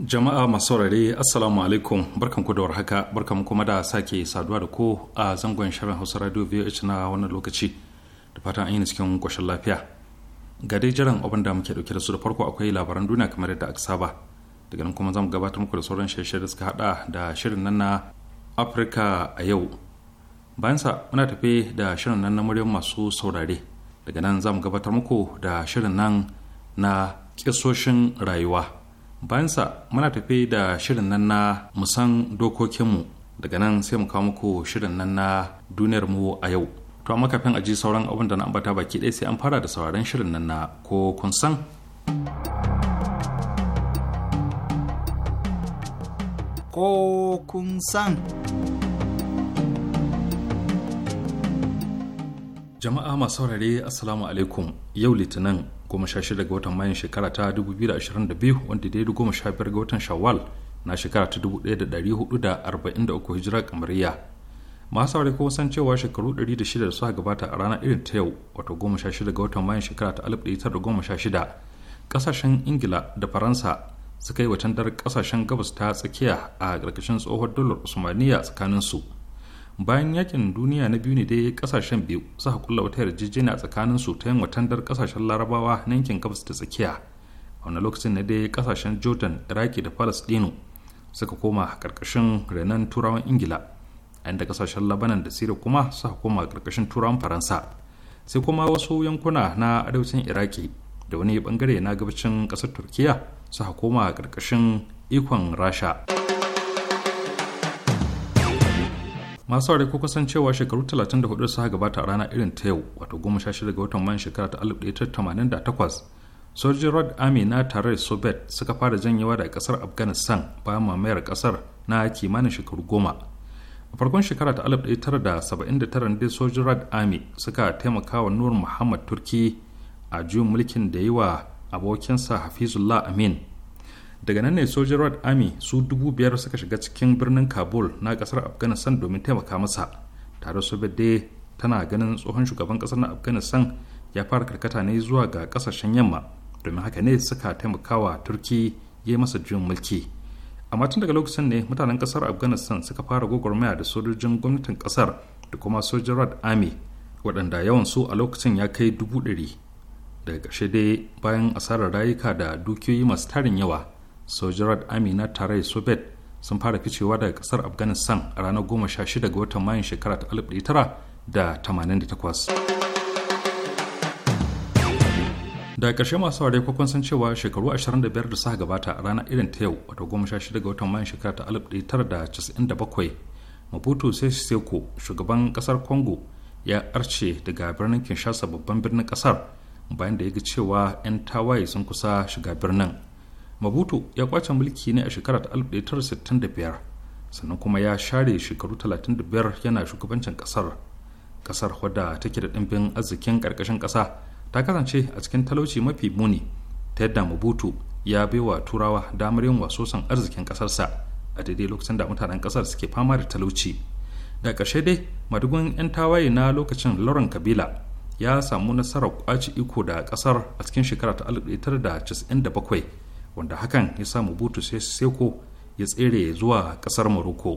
Jama'a masu saurare Assalamu alaikum barkan ku da warhaka barkan kuma da sake saduwa da ku a zangon shirin Hausa Radio VH na wannan lokaci da fatan an yi cikin koshin lafiya. Ga dai jiran abin da muke dauke da su da farko akwai labaran duniya kamar yadda aka saba. Daga nan kuma zamu gabatar muku da sauran shirye da suka hada da shirin nan na Afirka a yau. Bayan sa muna tafe da shirin nan na muryar masu saurare. Daga nan zamu gabatar muku da shirin nan na kisoshin rayuwa. bayansa muna tafi da shirin nan na musan dokokinmu daga nan sai mu kawo muku shirin nan na duniyar mu a yau to amma kafin a ji sauran abin da na ambata baki ɗaya sai an fara da sauraron shirin nan na ko kun san ko kun san jama'a masu saurare assalamu alaikum yau litinin goma sha shida ga watan mayun shekara ta biyu wanda daidai goma sha biyar ga watan shawwal na shekara ta da da arba'in uku hijira kamariya masu saurari kuma san cewa shekaru ɗari da suka gabata a rana irin ta yau wato goma sha shida ga watan mayun shekara ta da goma sha shida kasashen ingila da faransa suka yi watan tandar ƙasashen gabas ta tsakiya a ƙarƙashin tsohon dalar usmaniya tsakaninsu su bayan yakin duniya na biyu ne dai kasashen biyu suka kulla wata yarjejeniya tsakanin su ta yin watandar kasashen larabawa na yankin gabas da tsakiya a wani lokacin na dai kasashen jordan iraki da dino suka koma karkashin renan turawan ingila a inda kasashen labanan da siriya kuma suka koma karkashin turawan faransa sai kuma wasu yankuna na arewacin iraki da wani bangare na gabacin kasar turkiya suka koma karkashin ikon rasha masu ware ko kasancewa shekaru 34 su gabata a rana irin ta yau wato 16 ga watan mayan shekara ta 1988 sojin red army na tare soviet suka fara janyewa daga kasar afghanistan bayan mamayar kasar na kimanin shekaru goma a farkon shekara ta 1979 dai sojin red army suka taimaka wa nur muhammad turki a juyin mulkin da yi wa abokinsa hafizullah amin daga nan ne sojin red army su dubu biyar suka shiga cikin birnin kabul na kasar afghanistan domin taimaka masa tare su dai tana ganin tsohon shugaban kasar na afghanistan ya fara karkata ne zuwa ga kasashen yamma domin haka ne suka taimakawa turki ya masa juyin mulki amma tun daga lokacin ne mutanen kasar afghanistan suka fara gwagwarmaya da sojojin gwamnatin kasar da kuma sojin red army waɗanda yawan su a lokacin ya kai dubu ɗari daga ƙarshe dai bayan asarar rayuka da dukiyoyi masu tarin yawa sojirat amina tarai sobet sun fara ficewa daga kasar afghanistan a ranar 16 ga watan mayun shekara ta tara da da ƙarshe masu ware kwakwan sun cewa shekaru 25 da suka gabata a ranar irin ta yau wato 16 ga watan mayun shekara ta alif da da bakwai mabutu seko shugaban kasar congo ya arce daga birnin kinshasa babban birnin kasar bayan da ya ga cewa 'yan tawaye sun kusa shiga birnin mabutu ya kwace mulki ne a shekarar 1965 sannan kuma ya share shekaru 35 yana shugabancin kasar kasar wadda take da ɗimbin arzikin ƙarƙashin ƙasa ta kasance a cikin talauci mafi muni ta yadda mabutu ya bai wa turawa damar yin wasosan arzikin ƙasarsa a daidai lokacin da mutanen ƙasar suke fama da talauci da ƙarshe dai madugun 'yan tawaye na lokacin lauren kabila ya samu nasarar kwaci iko da ƙasar a cikin shekara ta 1997 wanda hakan ya samu butu sai seko ya tsere zuwa ƙasar morocco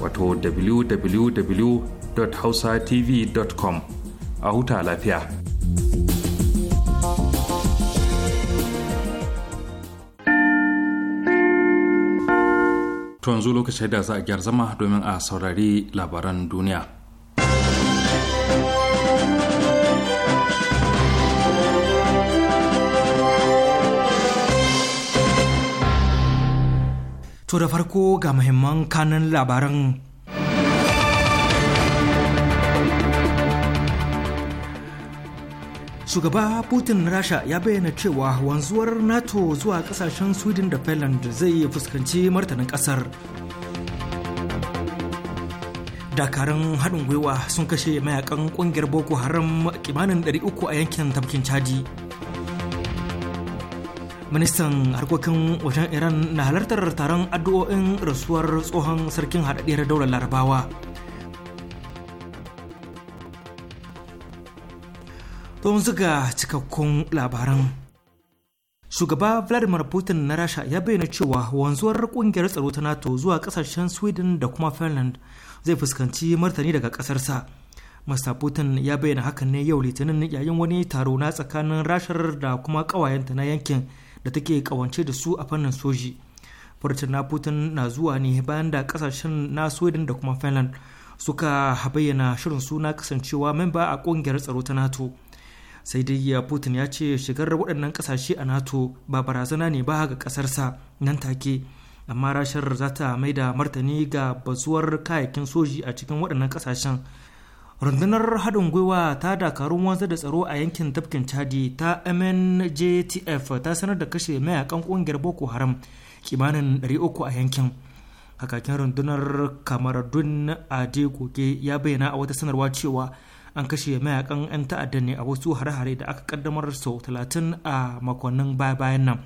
wato www.hausatv.com a huta lafiya. Tun zuwa lokacin da za a gyar zama domin a saurari labaran duniya. To da farko ga muhimman kanan labaran. Shugaba Putin Rasha ya bayyana cewa wanzuwar NATO zuwa kasashen Sweden da Finland zai fuskanci martanin kasar. Dakarun haɗin gwiwa sun kashe mayakan ƙungiyar Boko Haram kimanin 300 a yankin tafkin Chadi. ministan harkokin wajen iran na halartar taron addu'o'in rasuwar tsohon sarkin haɗaɗɗiyar daular larabawa don zuga cikakkun labaran shugaba vladimir putin na rasha ya bayyana cewa wanzuwar kungiyar tsaro ta nato zuwa kasashen sweden da kuma finland zai fuskanci martani daga kasarsa mr putin ya bayyana hakan ne yau litinin yayin wani taro na tsakanin rashar da kuma ƙawayenta na yankin da take kawance da su a fannin soji furtun na putin na zuwa ne bayan da kasashen na sweden da kuma finland suka bayyana shirin suna kasancewa memba a kungiyar tsaro ta nato sai dai ya putin ya ce shigar waɗannan kasashe a nato ba barazana ne ba ga ƙasarsa nan take amma rashar za ta mai da martani ga bazuwar kayayyakin soji a cikin waɗannan ƙasashen rundunar haɗin gwiwa ta dakarun wanzu da tsaro a yankin tafkin chadi ta mnjtf ta sanar da kashe mayakan ƙungiyar boko haram kimanin 300 a yankin hakakin rundunar kamaradun goge ya bayyana a wata sanarwa cewa an kashe mayakan 'yan ta'adda ne a wasu hare-hare da aka kaddamar sau 30 a makonnin baya-bayan nan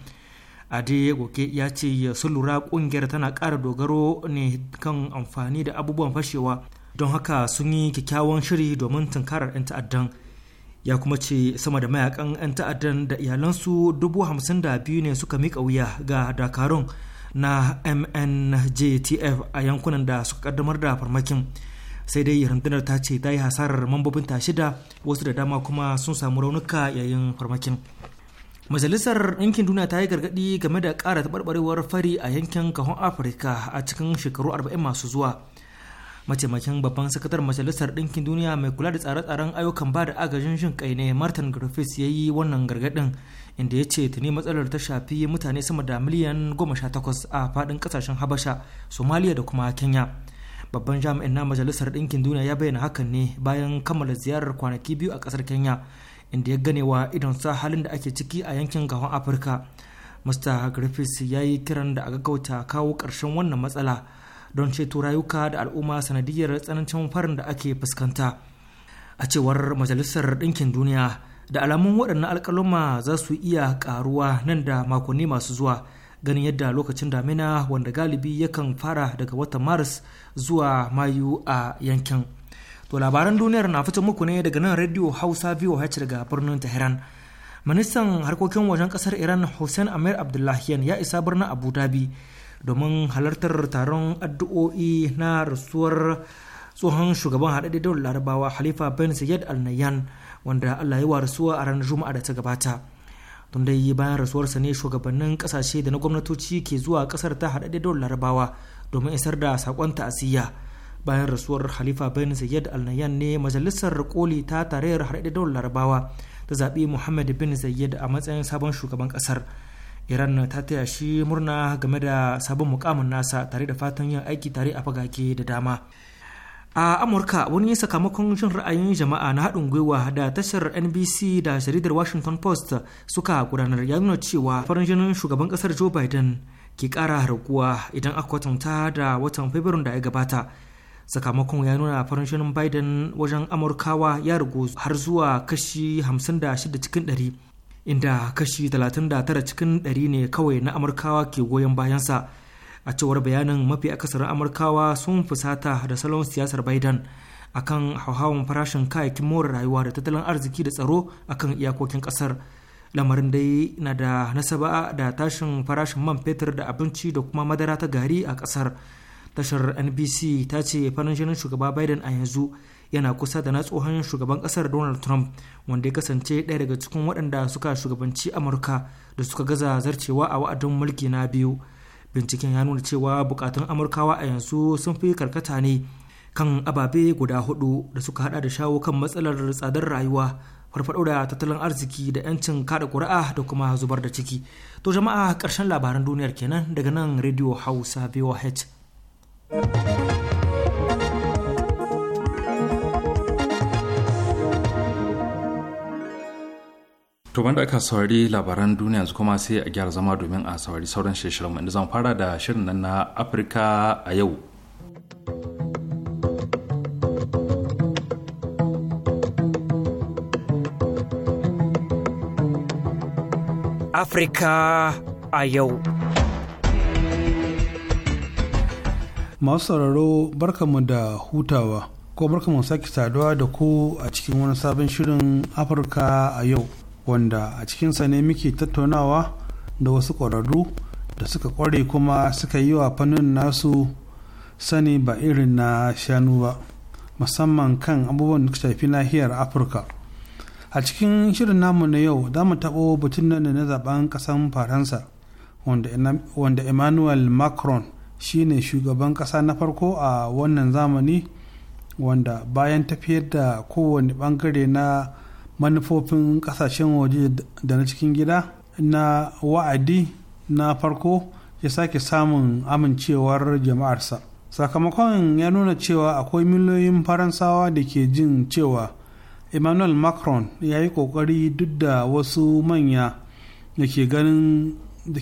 adegoke ya ce sun lura kungiyar tana kara dogaro ne kan amfani da abubuwan fashewa don haka sun yi kyakkyawan shiri domin tunkarar 'yan ta'addan ya kuma ce sama da mayakan 'yan ta'addan da iyalansu dubu hamsin da biyu ne suka mika wuya ga dakarun na mnjtf a yankunan da suka kaddamar da farmakin sai dai rundunar ta ce ta yi hasarar mambobin ta shida wasu da dama kuma sun samu raunuka yayin farmakin majalisar ɗinkin duniya ta yi gargadi game da ƙara taɓarɓarewar fari a yankin kahon afirka a cikin shekaru arba'in masu zuwa mataimakin babban sakatar majalisar ɗinkin duniya mai kula da tsare-tsaren ayyukan ba da agajin jin kai ne martin griffiths ya yi wannan gargaɗin inda ya ce tuni matsalar ta shafi mutane sama da miliyan goma sha takwas a faɗin kasashen habasha somaliya da kuma kenya babban jami'in na majalisar ɗinkin duniya ya bayyana hakan ne bayan kammala ziyarar kwanaki biyu a ƙasar kenya inda ya gane wa idon sa halin da ake ciki a yankin gahon afirka mr griffiths ya yi kiran da a gaggauta kawo ƙarshen wannan matsala don ceto rayuka da al'umma sanadiyar tsanancin farin da ake fuskanta a cewar majalisar ɗinkin duniya da alamun waɗannan alƙaluma za su iya ƙaruwa nan da makonni masu zuwa ganin yadda lokacin damina wanda galibi yakan fara daga watan maris zuwa mayu a yankin to labaran duniyar na fito muku ne daga nan radio hausa biyu voh daga birnin tehran ministan harkokin wajen kasar iran hussein amir abdullahian ya isa birnin abu dhabi domin halartar taron addu'o'i na rasuwar tsohon shugaban haɗaɗɗe larabawa halifa ben sayyid al nayyan wanda allah ya wa rasuwa a ranar juma'a da ta gabata tun dai bayan rasuwarsa ne shugabannin ƙasashe da na gwamnatoci ke zuwa ƙasar ta haɗaɗɗe daular larabawa domin isar da saƙon ta'aziyya bayan rasuwar halifa ben sayyid al nayyan ne majalisar koli ta tarayyar haɗaɗɗe larabawa ta zaɓi muhammad bin zayed a matsayin sabon shugaban ƙasar iran ta taya shi murna game da sabon mukamin nasa tare da fatan yin aiki tare a fagage da dama a amurka wani sakamakon jin ra'ayin jama'a na haɗin gwiwa da tashar nbc da jaridar washington post suka gudanar ya nuna cewa farin jinin shugaban ƙasar joe biden ke kara raguwa idan aka kwatanta da watan fabrairu da ya gabata sakamakon ya nuna farin jinin biden wajen amurkawa ya ragu har zuwa kashi 56 cikin 100 inda kashi 39 cikin 100 ne kawai na amurkawa ke goyon bayansa a cewar bayanin mafi akasarin amurkawa sun fusata da salon siyasar biden akan hauhawan farashin kayayyakin more rayuwa da tattalin arziki da tsaro akan iyakokin kasar lamarin dai na da nasaba da tashin farashin man fetur da abinci da kuma madara ta gari a kasar tashar nbc ta ce farin shugaba biden a yanzu yana kusa da na tsohon shugaban kasar donald trump wanda ya kasance ɗaya daga cikin waɗanda suka shugabanci amurka da suka gaza zarcewa a wa'adin mulki na biyu binciken ya nuna cewa bukatun amurkawa a yanzu sun fi karkata ne kan ababe guda hudu da suka hada da shawo kan matsalar tsadar rayuwa farfado da tattalin arziki da 'yancin kada kuri'a da kuma zubar da ciki to jama'a ƙarshen labaran duniyar kenan daga nan radio hausa voh To banda aka saurari labaran duniya yanzu kuma sai a gyara zama domin a saurari sauran shirin inda zan fara da shirin nan na Afirka a yau. Afirka a yau. Masu sauraro barkanmu da hutawa, ko barkanmu sake saduwa da ku a cikin wani sabon shirin Afirka a yau. wanda a cikinsa ne muke tattaunawa da wasu ƙwararru da suka ƙware kuma suka yi wa fannin nasu sani ba irin na shanu ba musamman kan abubuwan da shafi nahiyar afirka a cikin shirin namu na yau za mu taɓo batun nan na zaben ƙasan faransa wanda emmanuel macron shine shugaban ƙasa na farko a wannan zamani wanda bayan tafiyar da kowane ɓangare na manufofin kasashen waje da na cikin gida na wa'adi na farko ya sake samun amincewar jama'arsa sakamakon ya nuna cewa akwai miliyoyin faransawa da ke jin cewa emmanuel macron ya yi kokari duk da wasu manya da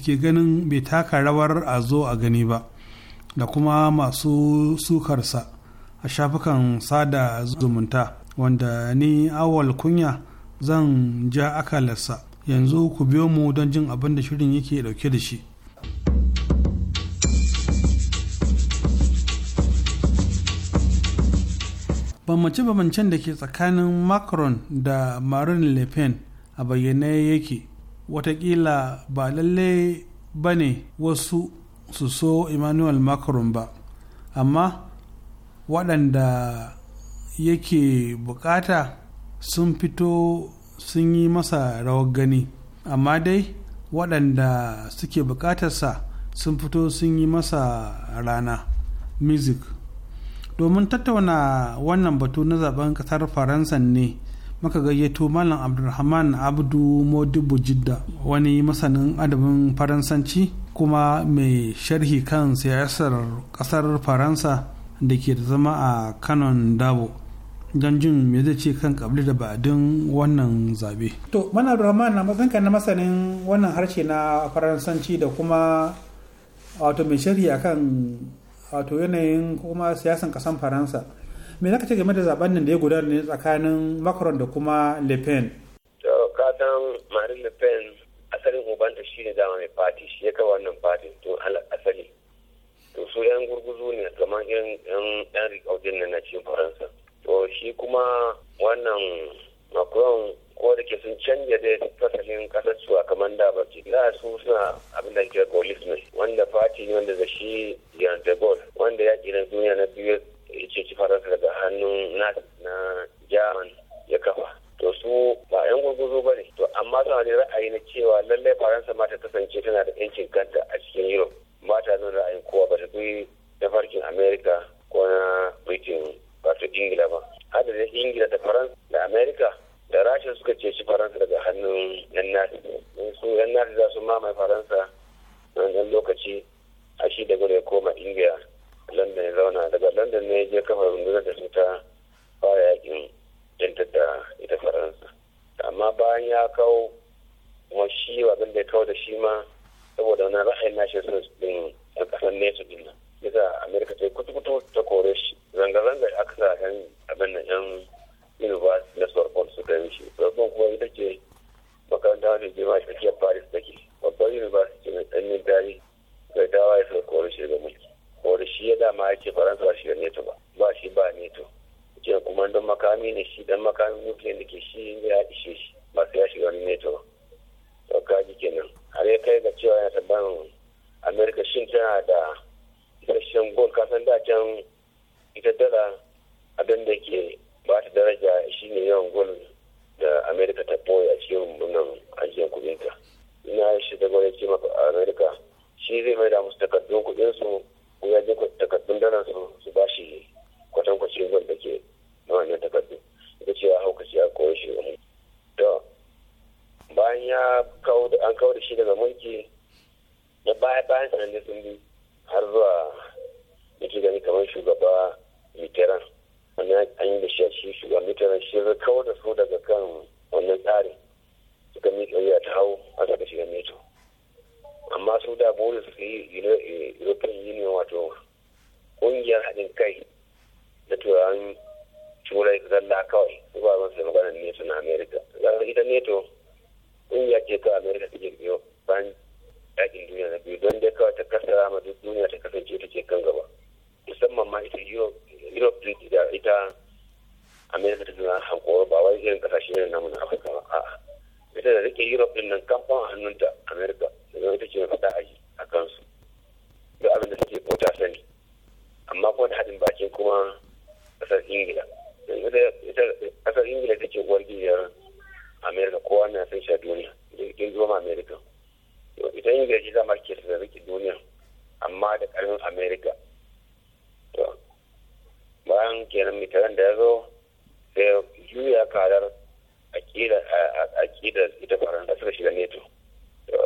ke ganin bai taka rawar a zo a gani ba da kuma masu sukarsa a shafukan sada zumunta wanda ni awal kunya zan ja akalarsa yanzu ku biyo mu don jin abin da shirin yake dauke da shi bambance-bambancen da ke tsakanin macron da marine le pen a bayyane yake watakila ba lalle ba ne wasu su so emmanuel macron ba amma waɗanda yake bukata sun fito sun yi masa rawar gani amma dai waɗanda suke buƙatarsa sun fito sun yi masa rana music domin tattauna wannan batu na zaben ƙasar faransa ne muka gayyato malam abdulrahman abdu modibu jidda wani masanin adabin faransanci kuma mai sharhi kan siyasar ƙasar faransa da ke da zama a kanon dabo don jin me zai ce kan kabli da ba'adin wannan zabe. To, mana Rahman na matsanka na masanin wannan harshe na Faransanci da kuma wato mai shari'a kan wato yanayin kuma siyasan kasan Faransa. Me za ka ce game da zaben nan da ya gudana ne tsakanin Macron da kuma Le Pen? To, kasan Marine Le Pen asalin ubanta shi ne dama mai fati shi ya kawo wannan fati tun asali. To, su 'yan gurguzu ne kamar 'yan rikaudin na cikin Faransa. to shi kuma wannan macron ko da ke sun canja da fasalin kasar su a kamar da ba ce da su suna abin da ke golis ne wanda fati ne wanda da shi yan de gaulle wanda ya kira duniya na biyu ya ce faransa daga hannun na german ya kafa to su ba yan gurguzo ba ne to amma suna da ra'ayi na cewa lallai faransa ma ta kasance tana da yancin kanta a cikin europe ba ta nuna ra'ayin kowa ba ta bi na america ko na britain wato ingila ba da ingila da faransa da amerika da rasha suka ceci faransa daga hannun yan nazi su yan nazi za su mamaye faransa nan lokaci a shi da ya koma ingila london ya zauna daga london ne ya je kafa rundunar da su ta fara yakin jantar da ita faransa amma bayan ya kawo kuma shi wa da ya kawo da shi ma saboda wani ra'ayin nashi sun ɗin a kasar din nan yasa amerika ta yi kutu-kutu ta kore shi zanga-zanga aka sa yan abin da yan university na su ta yi shi sorbon kuma ita ce makaranta wanda ke ma cikin paris ke babbar university mai tsannin tarihi bai dawa ya sa kore shi ga mulki kore shi ya dama ya ce faransa ba shi da neto ba ba shi ba neto ce kuma don makami ne shi dan makami nukiliyan da ke shi ya ishe shi ba sai ya shiga wani neto ba to kaji kenan har ya kai ga cewa yana tabbarin amerika shin tana da karshen gold kasan da can ita dala abin da ke ba ta daraja shine yawan gol da amerika ta boye a cikin wannan ajiyar ta ina shi da gwamnati maka a amerika shi zai mai da musu takardun kudin su ko ya je takardun dala su su ba shi kwatankwacin gol da ke na wannan takardun ita ce ya kashi ya koyi shi ga to bayan ya kawo an kawo da shi daga mulki na baya bayan sanannen sun bi har zuwa yake gani kamar shugaba mitterrand wani an yi da shi a shi shugaba mitterrand shi zai kawar da su daga kan wannan tsarin suka miƙa wuya ta hau a da shiga neto amma su da bori su yi eh, european union wato kungiyar haɗin kai da turawan turai zalla kawai su ba masu maganar neto na america zarar ita neto kungiyar ce ta america take biyo bayan yakin duniya na biyu don dai kawai ta kasa ma duk duniya ta kasance ta ce kan gaba musamman ma ita europe din da ita america ta zina hankoro ba wai irin kasashe ne namu na afirka ba a'a ita da rike europe din nan kamfan hannunta america da ita ce faɗa a yi a kansu duk abin da suke ko ta sani amma ko da haɗin bakin kuma ƙasar ingila yanzu da ita ƙasar ingila ce uwar gidiyar america kowa na san sha duniya da ikin zuwa america to ita ingilishi zama ke da riki duniya amma da karfin america to bayan kenan mitaran da ya zo sai juya kadar akidar ita faransa suka shiga neto to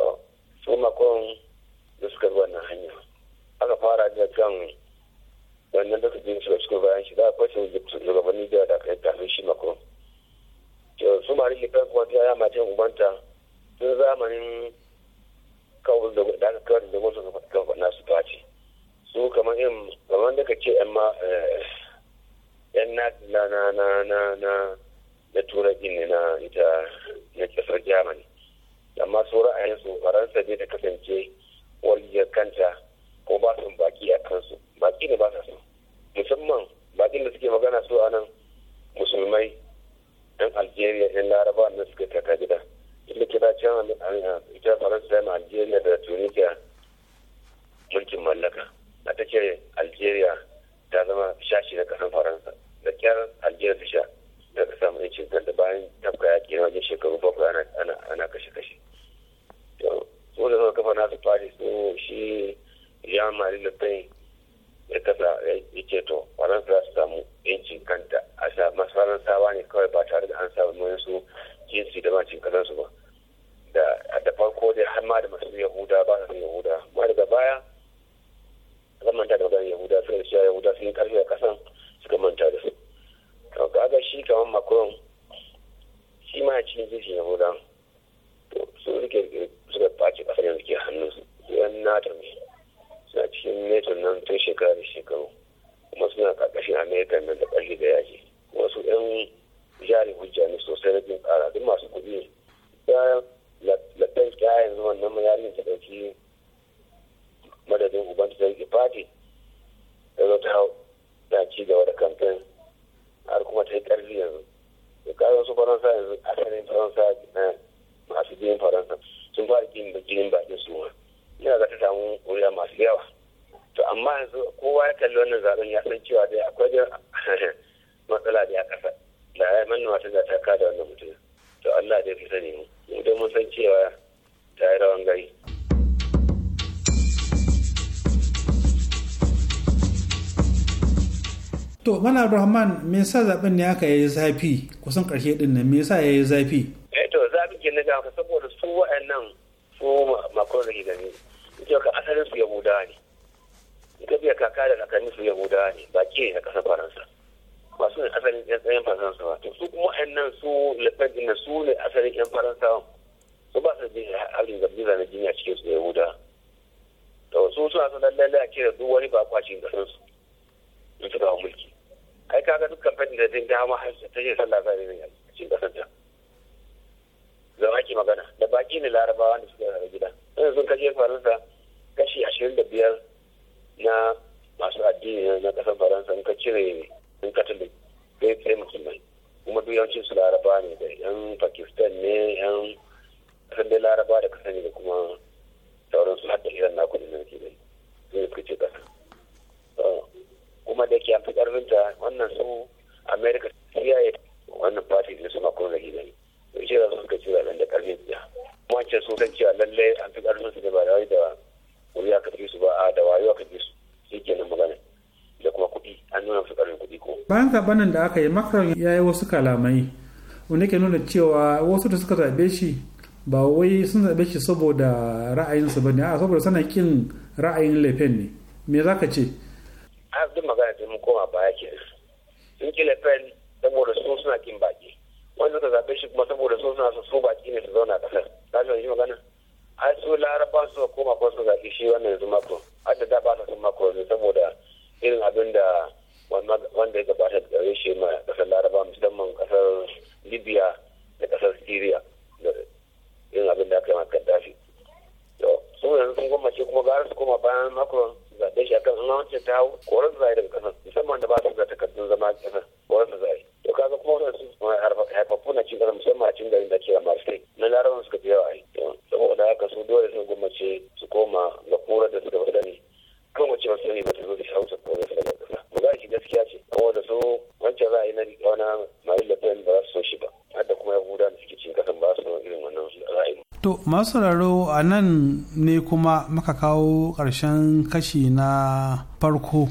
su makon da suka zuwa na hanya aka fara da kan wannan da kudin su suka bayan shi da akwai shugabanni da da kai kafin shi makon to su ma rikin kan kuwa ta yama ta ubanta tun zamanin kawai da aka kawar da wasu kan faɗa su face su kamar yin kamar da ka ce yan ma eh, yan na na na na na na tura ne na ita na kasar germany amma su ra'ayin su faransa ne ta kasance wajen kanta ko ba su baki a kansu baki ne ba sa so musamman bakin da suke magana su anan musulmai yan algeria yan laraba da suka taka gida inda kira can uh, ita faransa da algeria da tunisia mulkin mallaka a ta ce algeria ta zama shashi na kasan faransa da kyar algeria ta sha daga samun yancin kanta bayan tafka yaƙi na wajen shekaru bakwai ana kashe-kashe su da zama kafa nasu fari su shi ya mari da pen ya kasa ya ce to faransa za su samu yancin kanta a masu faransawa ne kawai ba tare da an samu su jinsi da bacin su ba da farko dai har ma da masu yahuda ba su yahuda ma daga baya zan manta da maganar yahuda suna da yahuda sun yi karfi a kasan suka manta da su to kaga shi kamar macron shi ma cikin jinsi yahuda to su suke suka face kasar yanzu ke hannun su yan nato ne suna cikin neto nan tun shekara da shekaru kuma suna karkashin amerika nan da karfi da yaki wasu yan jari hujja ne sosai na jin tsara duk masu kuɗi ya ladan ya yanzu wannan yarin ta dauki madadin uban ta yi fati da zo ta hau da ci gaba da kamfen har kuma ta yi ƙarfi yanzu da kayan su faransa yanzu asalin faransa masu jin faransa sun fara jinin bakin su ma ina za ta samu wuriya masu yawa to amma yanzu kowa ya kalli wannan zaben ya san cewa dai akwai matsala da ya kasa da ya manna mata da ta kada wannan mutum to Allah zai fi sani mu don mun san cewa ta yi rawan gari. To mana Rahman me yasa zaben ne aka yi zafi kusan karshe din nan me yasa yayi zafi? Eh to zafi ke naga ka saboda su wa'annan su makon da gani. ka asalin su Yahudawa ne. Ita biya kaka da kakanni su Yahudawa ne baki ne na ƙasar Faransa. ba su ne asalin yan faransa ba to su kuma yan nan su lafiyar na su ne asalin yan faransa su ba su jini halin da biza na jini a cikin su yahuda to su suna son lallai a kira duk wani ba kwacin garin su in su kawo mulki ai kaga duk kamfanin da zai dama har ta yi sallah zai ne a cikin kasar ta zama ake magana da baki ne larabawa da suka rara gida yanzu sun kashe faransa kashi ashirin da biyar na masu addini na kasar faransa in ka cire sun katolik sai kai musulmai kuma duk yawancin su laraba ne da yan pakistan ne yan kasar dai laraba da kasani da kuma sauran su hadda iran naku da nake dai sun yi fice kasa kuma da ke amfi ta wannan su america cia wannan party ne suna kuma da gidan to ce za su suka ce zaben da karfin ta kuma ce su kan cewa lallai an fi karfin su ne ba da wai da wuri aka fi su ba a da wayo aka fi su shi kenan magana da kuma kuɗi an nuna su ƙarin kuɗi ko. bayan zaben da aka yi makaron ya yi wasu kalamai wanda ke nuna cewa wasu da suka zaɓe shi ba wai sun zaɓe shi saboda ra'ayinsu ba ne a saboda sana ƙin ra'ayin lefen ne me za ka ce. a duk magana ta mun koma baya ke sun ƙi lefen saboda su suna ƙin baƙi wanda suka zaɓe shi kuma saboda su suna su baƙi ne su zauna a ƙasar za su yi magana. ai su laraba su koma ko su zaɓi shi wannan yanzu mako har da ba su sun mako yanzu saboda irin abin da wanda ya gabata da gare shi ma kasar laraba musamman kasar libya da kasar syria da irin abin da aka yi makar dafi sun yanzu sun ce kuma gara su koma bayan macron zaɓe shi akan an wancan ta hau koran su zai daga kasar musamman da ba su zata takardun zama kasar koran su zai to kaga kuma wannan su haifafu na cikin kasar musamman a cikin garin da ke a marseille na larabawan suka fi yawa yi saboda haka su dole sun ce su koma ga kura da suka fi sani kan wace wasu ne ba ta zo da shawarar ko da sanar da ba za shi gaskiya ce kuma da su wancan yi na wani marin da ba za su so shi ba har kuma yahuda da suke cin kasan ba su irin wannan ra'ayi. to masu sauraro a nan ne kuma maka kawo ƙarshen kashi na farko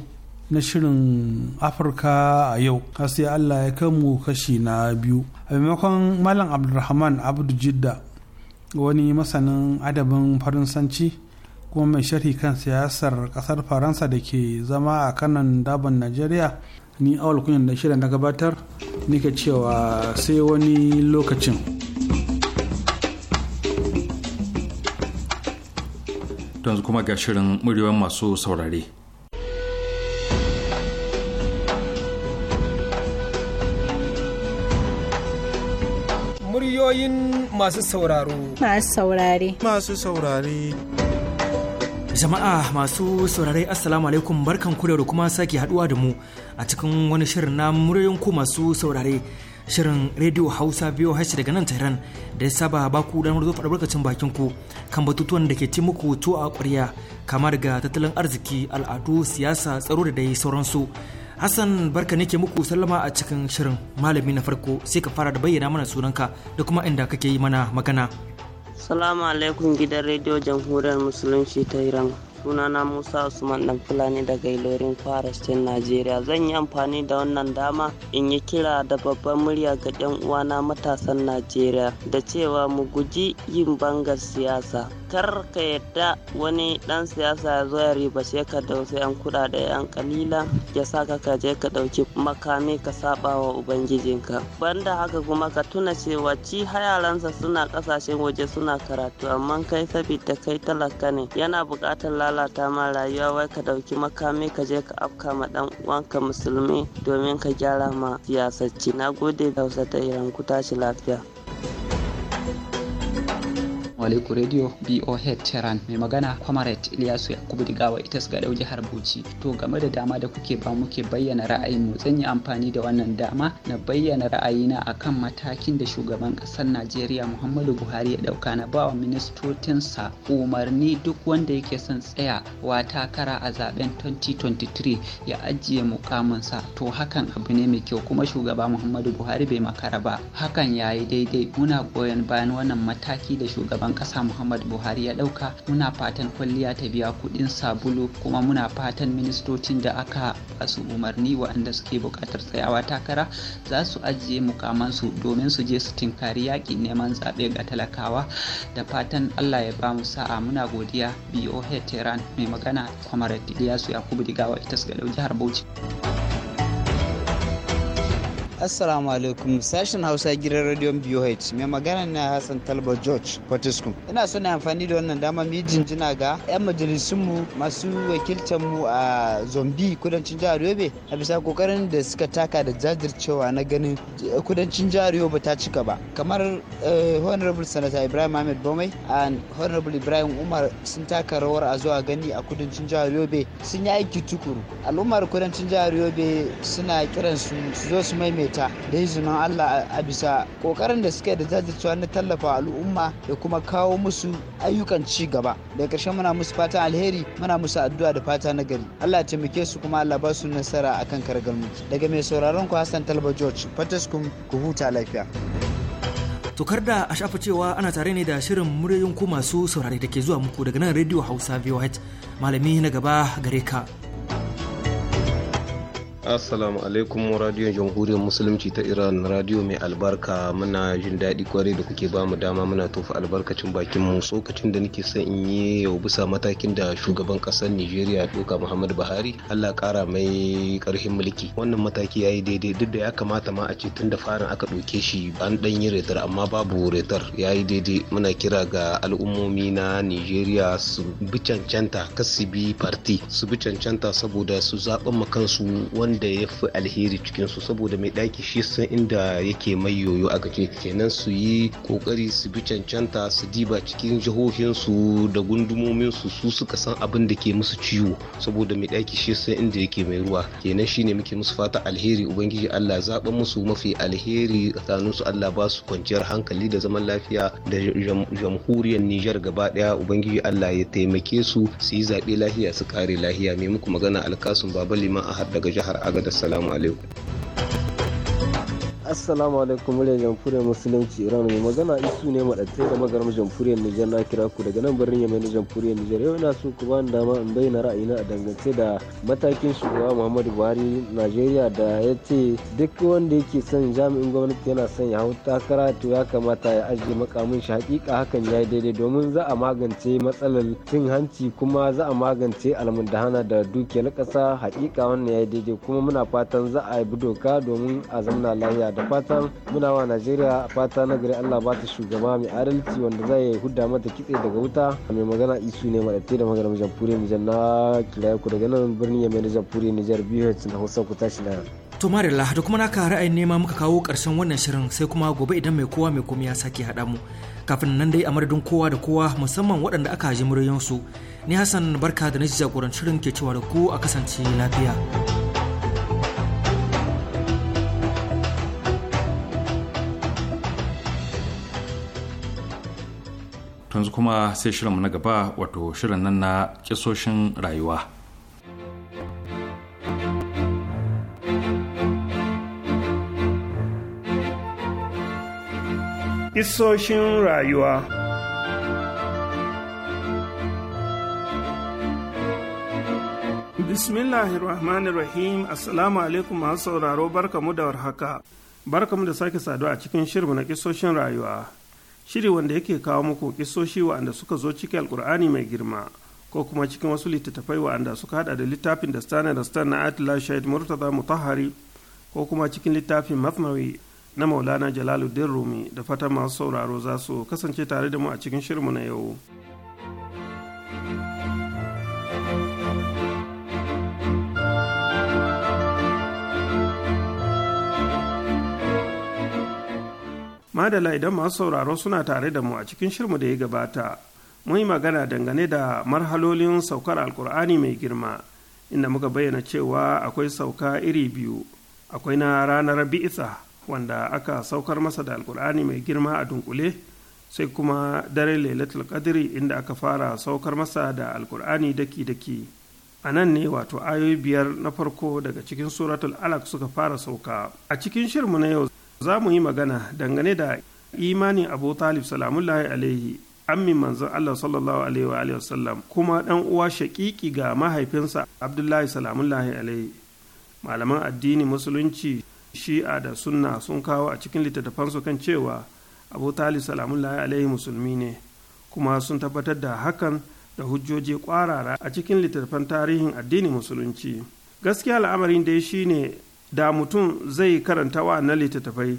na shirin afirka a yau har sai allah ya kai mu kashi na biyu a maimakon malam abdulrahman abdu jidda wani masanin adabin faransanci kuma mai sharhi kan siyasar kasar faransa da ke zama a kanan daban najeriya ni awal kunyan da shirin na gabatar nika cewa sai wani lokacin don kuma ga shirin muryoyin masu saurare muryoyin masu sauraro masu saurare masu saurare Jama'a masu saurare Assalamu alaikum barkan ku da kuma sake haduwa da mu a cikin wani shirin na muryoyin ku masu saurare shirin Radio Hausa biyo hashi daga nan Tehran da ya saba baku ku dan rufe albarkacin bakin ku kan batutuwan da ke ci muku to a ƙwarya kama daga tattalin arziki al'adu siyasa tsaro da dai sauransu. Hassan barka ne ke muku sallama a cikin shirin malami na farko sai ka fara da bayyana mana sunanka da kuma inda kake yi mana magana. Salamu alaikum gidan rediyo jamhuriyar musulunci ta Iran. sunana musa usman dan fulani daga ilorin farastin najeriya zan yi amfani da wannan dama in yi kira da babban murya ga yan uwana matasan najeriya da cewa mu guji yin bangar siyasa kar ka yadda wani dan siyasa ya zo ya riba ka da wasu yan kuɗaɗe yan kalila ya sa ka ka je ka ɗauki makami ka saba wa ubangijinka banda haka kuma ka tuna cewa ci hayaransa suna ƙasashen waje suna karatu amma kai sabida kai talaka ne yana buƙatar lalata lalata ma rayuwa wai ka ɗauki makami ka je ka afka ma ɗan uwanka musulmi domin ka gyara ma siyasacci na gode da hausa ta iran ku tashi lafiya alaikum radio boh tehran mai magana comrade ilyasu yakubu digawa ita suka dau jihar bauchi to game da dama da kuke ba muke bayyana ra'ayin mu zan yi amfani da wannan dama na bayyana ra'ayina akan matakin da shugaban ƙasar najeriya muhammadu buhari ya ɗauka na bawa sa umarni duk wanda yake son tsayawa takara a zaben 2023 ya ajiye mukaminsa to hakan abu ne mai kyau kuma shugaba muhammadu buhari bai makara ba hakan yayi yi daidai muna goyon bayan wannan mataki da shugaban ƙasa Muhammad Buhari ya ɗauka muna fatan kwalliya ta biya kuɗin sabulu kuma muna fatan ministocin da aka basu umarni waɗanda suke bukatar tsayawa takara za su ajiye mukamansu domin su je su tinkari yaƙin neman zaɓe ga talakawa da fatan Allah ya ba mu sa'a muna godiya biyo heteran mai magana Kwamarat su Yakubu Digawa ita su ga jihar Bauchi. Assalamu alaikum sashen Hausa gidan rediyon BOH mai magana na Hassan Talba George Potiskum. Ina so na amfani da wannan dama mu jinjina ga 'yan majalisunmu masu wakiltar mu a Zombi kudancin jihar Yobe a bisa kokarin da suka taka da jajircewa na ganin kudancin jihar Yobe ta cika ba. Kamar eh, Honorable Sanata Ibrahim Ahmed Bomai and Honorable Ibrahim Umar sun taka rawar a zuwa gani a kudancin jihar Yobe sun yi aiki tukuru. Al'ummar kudancin jihar Yobe suna kiran su zo su maimaita mata da izinin Allah a bisa kokarin da suke da jajircewa na tallafa al'umma da kuma kawo musu ayyukan ci gaba da ƙarshe muna musu fatan alheri muna musu addu'a da fata na gari Allah ya taimake su kuma Allah ba su nasara akan kargar mu. daga mai sauraron ku Hassan Talba George Fataskum ku huta lafiya kar da a shafa cewa ana tare ne da shirin muryoyin ku masu saurare da ke zuwa muku daga nan radio hausa voh malami na gaba gare ka Assalamu alaikum radiyon jamhuriyar musulunci ta Iran radiyo mai albarka muna jin daɗi kwarai da kuke ba mu dama muna tofa albarkacin bakin mu tsokacin da nake son in yi yau bisa matakin da shugaban ƙasar Nijeriya doka Muhammadu Buhari Allah ƙara mai ƙarfin mulki wannan mataki yayi daidai duk da ya kamata ma a ce tun da farin aka ɗauke shi an ɗan yi retar amma babu retar yayi daidai muna kira ga al'ummomi na Nijeriya su bi cancanta bi party su bi cancanta saboda su zaɓen kansu wani wanda ya fi alheri cikin su saboda mai ɗaki shi san inda yake mai yoyo a gaje kenan su yi kokari su bi cancanta su diba cikin jihohin su da gundumomin su su suka san abin da ke musu ciwo saboda mai daki shi san inda yake mai ruwa kenan shine muke musu fata alheri ubangiji Allah zaɓa musu mafi alheri tsakanin su Allah ba su kwanciyar hankali da zaman lafiya da jamhuriyar Nijar gaba ɗaya ubangiji Allah ya taimake su su yi zaɓe lafiya su kare lahiya mai muku magana alkasun baba liman a har daga jihar da Salamu alaikum. assalamu alaikum muryar jamhuriyar musulunci iran mai magana isu ne maɗatai da magaram jamhuriyar nijar na kira ku daga nan birnin yamai na jamhuriyar nijar yau ina so ku bani dama in bayyana ra'ayina a dangance da matakin shugaba muhammadu buhari najeriya da ya ce duk wanda yake son jami'in gwamnati yana son ya hau takara to ya kamata ya ajiye makamin shi hakika hakan ya yi daidai domin za a magance matsalar cin hanci kuma za a magance almundahana da dukiyar ƙasa hakika wannan ya yi daidai kuma muna fatan za a yi bi doka domin a zamna lafiya da da fatan muna wa najeriya fata na gari allah ba ta shugaba mai adalci wanda zai hudda mata kitse daga wuta mai magana isu ne maɗatte da magana jamfuri nijar na kiraya ku daga nan birnin yamai na jamfuri nijar biyu na hausa ku tashi na to marilla da kuma naka ra'ayin nema muka kawo ƙarshen wannan shirin sai kuma gobe idan mai kowa mai komai ya sake hada mu kafin nan dai a madadin kowa da kowa musamman waɗanda aka ji muryansu ni hassan barka da na jagorancin shirin ke cewa da ku a kasance lafiya. yanzu kuma sai shirinmu na gaba wato shirin nan na kisoshin rayuwa Isoshin rayuwa rahim, Assalamu alaikum masu sauraro barkamu da warhaka barkamu da sake saduwa a cikin shirin na kisoshin rayuwa shiri wanda yake kawo muku kisoshi wa'anda suka zo cikin alkur'ani mai girma ko kuma cikin wasu littattafai wa'anda suka hada da littafin da stana da stan na atila shahid murtaza mutahari ko kuma cikin littafin masnawi na maulana jalaluddin rumi da fatan masu sauraro za su kasance tare da mu a cikin shirinmu na yau. madala idan masu sauraro suna tare da mu a cikin shirmu da ya gabata mun yi magana dangane da marhalolin saukar alkur'ani mai girma inda muka bayyana cewa akwai sauka iri biyu akwai na ranar bi'isa wanda aka saukar masa da alkur'ani mai girma a dunkule sai kuma dare lailatul qadri inda aka fara saukar masa da alkur'ani daki-daki a nan ne wato ayoyi biyar na farko daga cikin suratul alaq suka fara sauka a cikin shirmu na yau za mu yi magana dangane da imanin abu talib salamullahi alaihi ammin manzon Allah sallallahu alaihi wa alihi wasallam kuma dan uwa shaƙiƙi ga mahaifinsa Abdullahi salamullahi alaihi malaman addini musulunci shi'a da sunna sun kawo a cikin littattafansu kan cewa abu talib salamullahi alaihi musulmi ne kuma sun tabbatar da hakan da hujjoji kwarara a cikin littattafan tarihin addini musulunci gaskiya al'amarin dai shine da mutum zai karanta wa na littattafai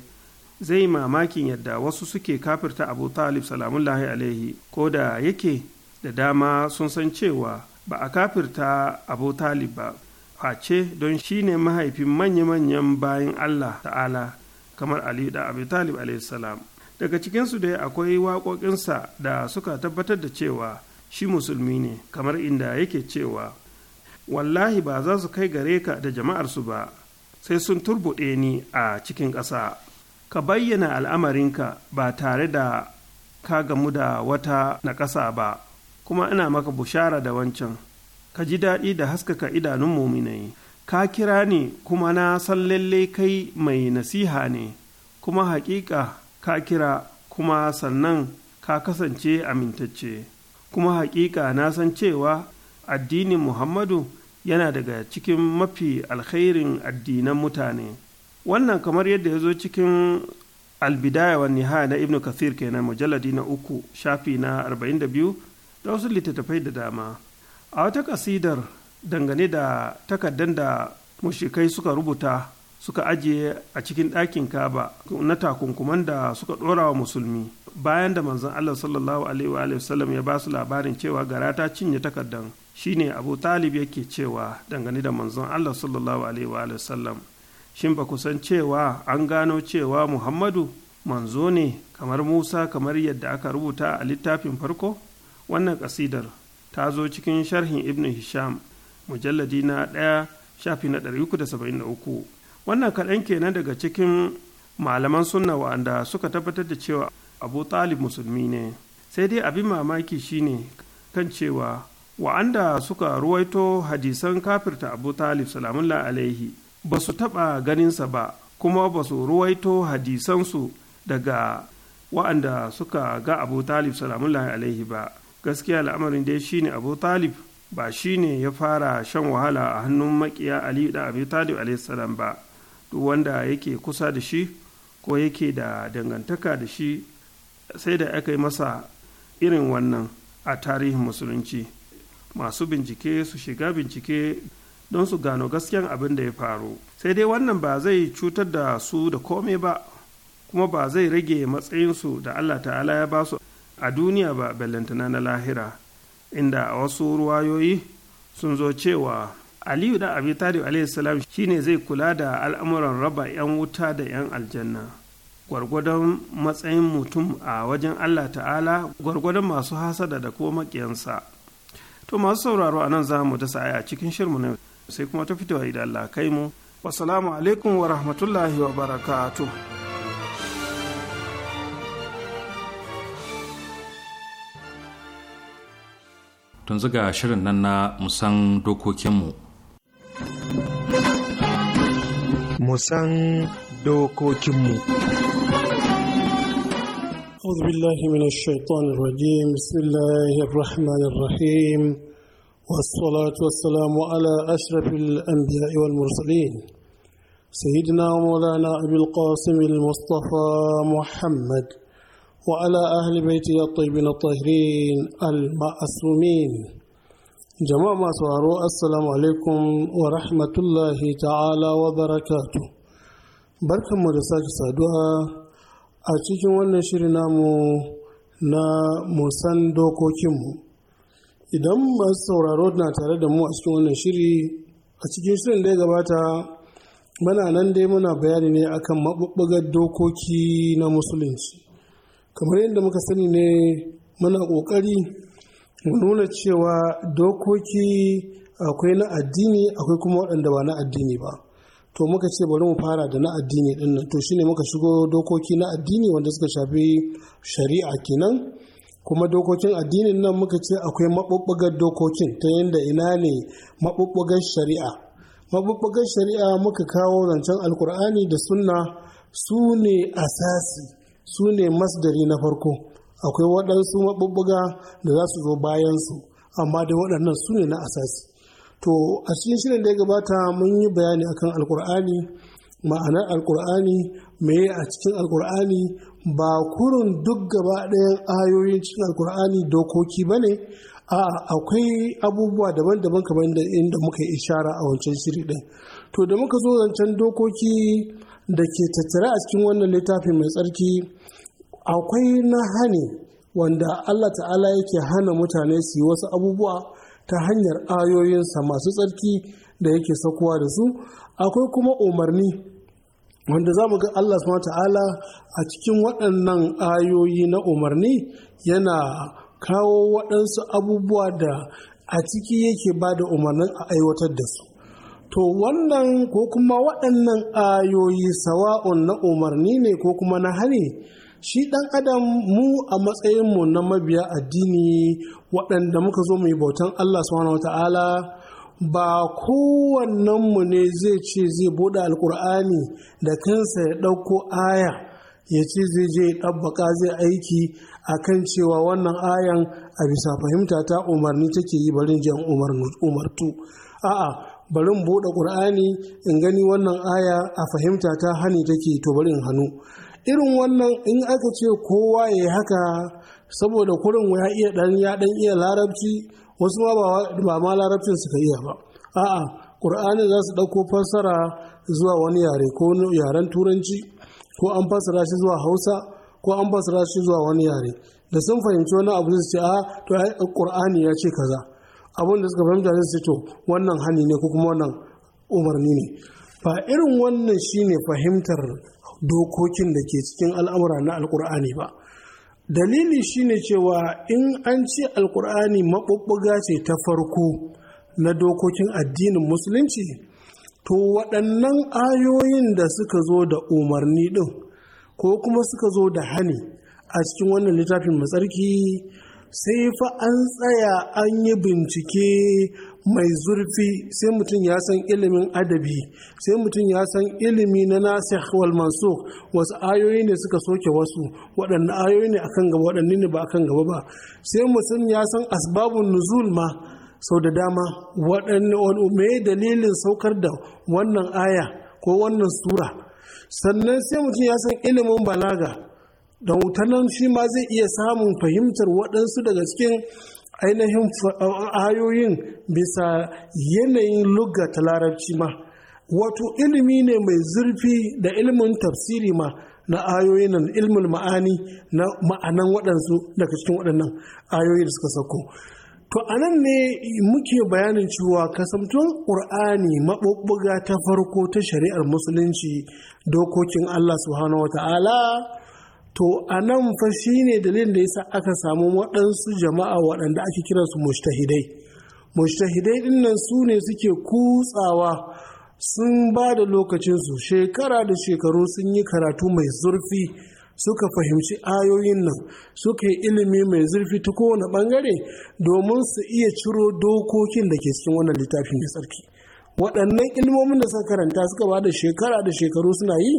zai yi mamakin yadda wasu suke kafirta abu talib salamullahi alaihi ko da yake da dama sun san cewa ba a kafirta abu talib ba face don shi ne mahaifin manya-manyan bayan allah ta'ala kamar ali da abu talib salam daga cikinsu dai akwai waƙoƙinsa da suka tabbatar da cewa shi musulmi ne kamar inda yake cewa wallahi ba za su kai gare ka da jama'arsu ba sai sun turbuɗe ni a cikin ƙasa ka bayyana al'amarinka ba tare da ka gamu da wata na ƙasa ba kuma ina maka bushara da wancan ka ji daɗi da haskaka idanun muminai ka kira ni kuma na san lalle kai mai nasiha ne kuma haƙiƙa ka kira kuma sannan ka kasance amintacce kuma haƙiƙa na san cewa addinin muhammadu yana daga cikin mafi alkhairin addinan mutane wannan kamar yadda ya zo cikin albidaya wa nihaya na Ibn kathir kenan mujalladi na uku shafi na 42 da wasu littattafai da dama a wata kasidar dangane da takardar da mushikai suka rubuta suka ajiye a cikin ɗakin kaba na takunkuman da suka ɗora wa musulmi bayan da manzon allah sallallahu alaihi wa sallam ya ba su labarin cewa gara ta cinye takardar shine abu talib yake cewa dangane da manzon allah sallallahu alaihi wa sallam shin ba ku san cewa an gano cewa muhammadu manzo ne kamar musa kamar yadda aka rubuta a littafin farko wannan kasidar ta zo cikin sharhin ibn hisham mujalladi na ɗaya shafi na 373 wannan kaɗan kenan daga cikin malaman sunna wa'anda suka tabbatar da cewa abu talib musulmi ne sai dai abin mamaki shine kan cewa wa'anda suka ruwaito hadisan kafirta abu talib alaihi ba su taɓa ganinsa ba kuma ba su ruwaito hadisansu daga wa'anda suka ga abu talib alaihi ba gaskiya al'amarin dai shine abu talib ba shine ya fara shan wahala a hannun makiya ali da abu talib salam ba duk wanda yake kusa da shi ko yake da dangantaka da shi sai da aka yi masa irin wannan a tarihin musulunci masu bincike su shiga bincike don su gano gaskiyan abin da ya faru sai dai wannan ba zai cutar da su da kome ba kuma ba zai rage matsayinsu da allah ta'ala ya ba su a duniya ba bellantana na lahira inda a wasu ruwayoyi sun zo cewa aliyu da abi talib salam shine zai kula da al'amuran raba 'yan wuta da 'yan aljanna gwargwadon matsayin mutum a wajen allah ta'ala gwargwadon masu hasada da kuma makiyansa to masu sauraro a nan za mu dasa a cikin shirmu na sai kuma ta fitowa idan Allah kai mu wasalamu alaikum wa rahmatullahi wa barakatuh tun zuga shirin nan na musan dokokinmu musan dokokinmu أعوذ بالله من الشيطان الرجيم بسم الله الرحمن الرحيم والصلاة والسلام على أشرف الأنبياء والمرسلين سيدنا ومولانا أبي القاسم المصطفى محمد وعلى أهل بيته الطيبين الطاهرين المعصومين جماعة مسوارو السلام عليكم ورحمة الله تعالى وبركاته بركة مدساك سادوها a cikin wannan shiri namu na musan dokokinmu idan masu sauraro na tare da mu a cikin wannan shiri a cikin shirin da ya gabata muna nan dai muna bayani ne akan maɓuɓɓugar dokoki na musulunci kamar yadda muka sani ne muna ƙoƙari mu nuna cewa dokoki akwai na addini akwai kuma waɗanda ba na addini ba to muka ce bari mu fara da na addini din nan to shine muka shigo dokoki na addini wanda suka shafi shari'a kenan kuma dokokin addinin nan muka ce akwai maɓuɓɓugar dokokin ta yadda ina ne maɓuɓɓugar shari'a maɓuɓɓugar shari'a muka kawo rancen alkur'ani da sunna su ne asasi su ne masdari na farko akwai waɗansu maɓuɓɓuga da za su zo bayansu amma dai waɗannan su ne na asasi to a cikin shirin da ya gabata mun yi bayani akan alkur'ani ma'anar alkur'ani meye a cikin alkur'ani ba kurin duk gaba ɗayan ayoyin cikin alkur'ani dokoki ba ne a akwai abubuwa daban-daban kamar inda muka yi ishara a wancan shiri ɗin to da muka zo zancen dokoki da ke tattare a cikin wannan littafi mai tsarki akwai na hani wanda allah ta'ala yake hana mutane su yi wasu abubuwa ta hanyar ayoyinsa masu tsarki da yake sakuwa da su akwai kuma umarni wanda za mu ga Allah subhanahu ta'ala a cikin waɗannan ayoyi na umarni yana kawo waɗansu abubuwa da a ciki yake ba da umarnin a aiwatar da su to wannan ko kuma waɗannan ayoyi sawa'un na umarni ne ko kuma na hari shi ɗan adam mu a matsayinmu na mabiya addini waɗanda muka zo mai bautan Allah subhanahu ta'ala ba kowannenmu ne zai ce zai buɗe alkur'ani da kansa ya ɗauko aya ya ce zai je ɗabbaka zai aiki a kan cewa wannan ayan a bisa fahimta ta umarni take yi barin jan umartu a'a barin buɗe ƙur'ani in gani wannan aya a fahimta ta hani take to barin hannu irin wannan in aka ce kowa ya yi haka saboda kurin ya iya dan ya dan iya larabci wasu ma ba ma larabcin suka iya ba a'a ƙur'ani za su ɗauko fassara zuwa wani yare ko yaren turanci ko an fassara shi zuwa hausa ko an fassara shi zuwa wani yare da sun fahimci wani abu su ce a to qur'ani ya ce kaza abin da suka fahimta su ce to wannan hani ne ko kuma wannan umarni ne ba irin wannan shine fahimtar dokokin da ke cikin al'amura na alkur'ani ba dalili shine cewa in an ce alkur'ani maɓuɓɓuga ce ta farko na dokokin addinin musulunci to waɗannan ayoyin da suka zo da umarni ɗin ko kuma suka zo da hani a cikin wannan littafin matsarki sai fa an tsaya an yi bincike mai zurfi sai mutum ya san ilimin adabi sai mutum ya san ilimi na Nasir wal mansukh wasu ayoyi ne suka soke wasu waɗanne ayoyi ne akan gaba waɗanne ne ba akan gaba ba sai mutum ya san asbabun nuzul ma sau da dama waɗanne me dalilin saukar da wannan aya ko wannan sura sannan sai mutum ya san ilimin balaga da wutanen shi ma zai iya samun fahimtar waɗansu daga cikin ainihin ayoyin bisa yanayin lugga larabci ma wato ilimi ne mai zurfi da ilimin tafsiri ma na ayoyin nan ilimin ma'ani na ma'anan waɗansu daga cikin waɗannan ayoyi da suka sauko to anan ne muke bayanin cewa kasamtuwar ƙur'ani maɓuɓɓuga ta farko ta shari'ar musulunci dokokin allah subhanahu wa ta'ala to a nan fa shi ne dalilin da yasa aka samu waɗansu jama'a waɗanda ake kiransu mushtahidai mushtahidai ɗin nan su ne suke kutsawa sun ba da lokacinsu shekara da shekaru sun yi karatu mai zurfi suka fahimci ayoyin nan suka yi ilimi mai zurfi ta kowane ɓangare domin su iya ciro dokokin da ke cikin wannan littafin mai sarki. waɗannan ilmomin da suka karanta suka ba da shekara da shekaru suna yi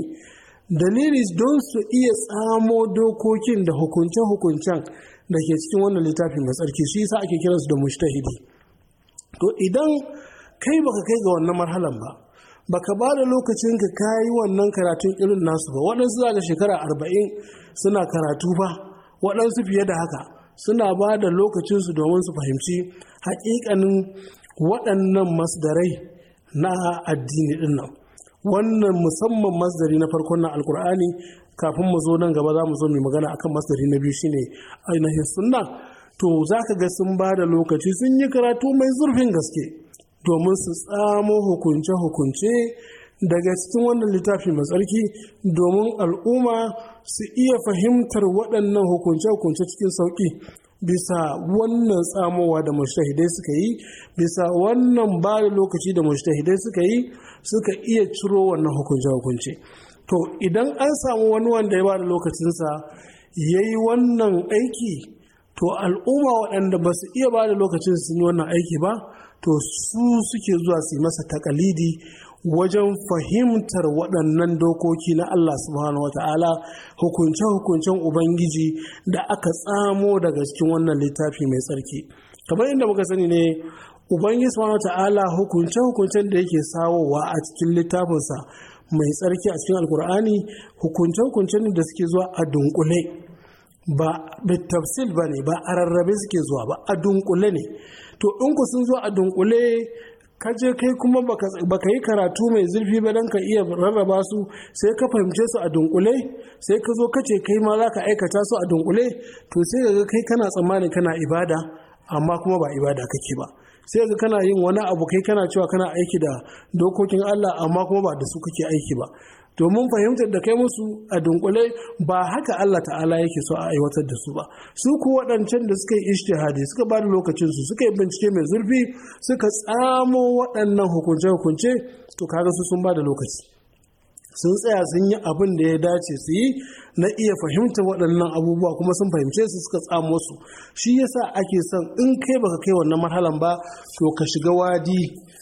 dalilis don su iya tsamo dokokin da hukunce-hukuncen da ke cikin wannan littafi mai tsarki shi yasa ake kiransu da mushtahidi to idan kai baka kai ga wannan marhalan ba baka ba da lokacin ka kayi wannan karatun irin nasu ba waɗansu za da shekara arba'in suna karatu ba waɗansu fiye da haka suna ba da lokacinsu domin su fahimci haƙiƙanin waɗannan masdarai na addini ɗin nan wannan musamman masdari na farkon na alkur'ani kafin mu zo nan gaba za mu zo mai magana akan masdari na biyu shine ainihin sunna to za ka ga sun ba da lokaci sun yi karatu mai zurfin gaske domin su tsamo hukunce-hukunce daga cikin wannan littafi mai tsarki domin al'umma su iya fahimtar waɗannan hukunce-hukunce cikin sauƙi bisa wannan tsamowa da mushtahidai suka yi bisa wannan ba da lokaci da mushtahidai suka yi suka iya ciro wannan hukunci hukunce to idan an samu wani wanda ya ba da lokacinsa ya yi wannan aiki to al'umma waɗanda ba su iya ba da lokacin yi wannan aiki ba to su suke zuwa su yi masa takalidi wajen fahimtar waɗannan dokoki na Allah subhanahu wa ta'ala hukunce-hukuncen Ubangiji da aka tsamo daga cikin wannan littafi mai tsarki. Kamar inda muka sani ne, Ubangiji subhanahu wa ta'ala hukunce-hukuncen da yake sawowa a cikin littafinsa mai tsarki a cikin Alkur'ani hukunce-hukuncen da suke zuwa a dunkule. ba tafsil ba ne ba a rarrabe suke zuwa ba a dunkule ne to in ku sun zuwa a dunkule ka je kai kuma baka yi karatu mai zurfi ba don ka iya rarraba su sai ka fahimce su a dunkule sai ka zo ka ce kai ma za ka aikata su a dunkule to sai ga kai kana tsammani kana ibada amma kuma ba ibada kake ba sai ga kana yin wani abu kai kana cewa kana aiki da dokokin Allah amma kuma ba da su kake aiki ba domin fahimtar da kai musu a dunkule ba haka Allah ta'ala yake so a aiwatar da su ba su ku waɗancan da suka yi ishtihadi suka ba da su suka yi bincike mai zurfi suka tsamo waɗannan hukunce-hukunce to kaga su sun ba da lokaci sun tsaya sun yi abin da ya dace su yi na iya fahimta waɗannan abubuwa kuma sun fahimce su suka tsamo su shi yasa ake son in kai baka kai wannan marhalan ba to ka shiga wadi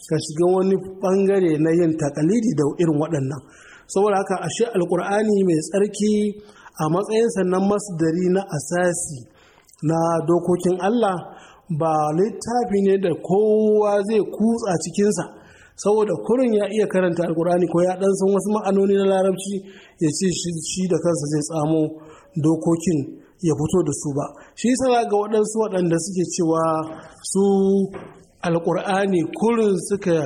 ka shiga wani ɓangare na yin takalidi da irin waɗannan saboda haka ashe alkur'ani mai tsarki a matsayin sannan masdari na asasi na dokokin Allah ba littafi ne da kowa zai kutsa cikinsa saboda kurin ya iya karanta alkur'ani ko ya dan san wasu ma'anoni na larabci ya ce shi da kansa zai tsamo dokokin ya fito da su ba shi sana ga waɗansu waɗanda suke cewa su alkur'ani kurin suka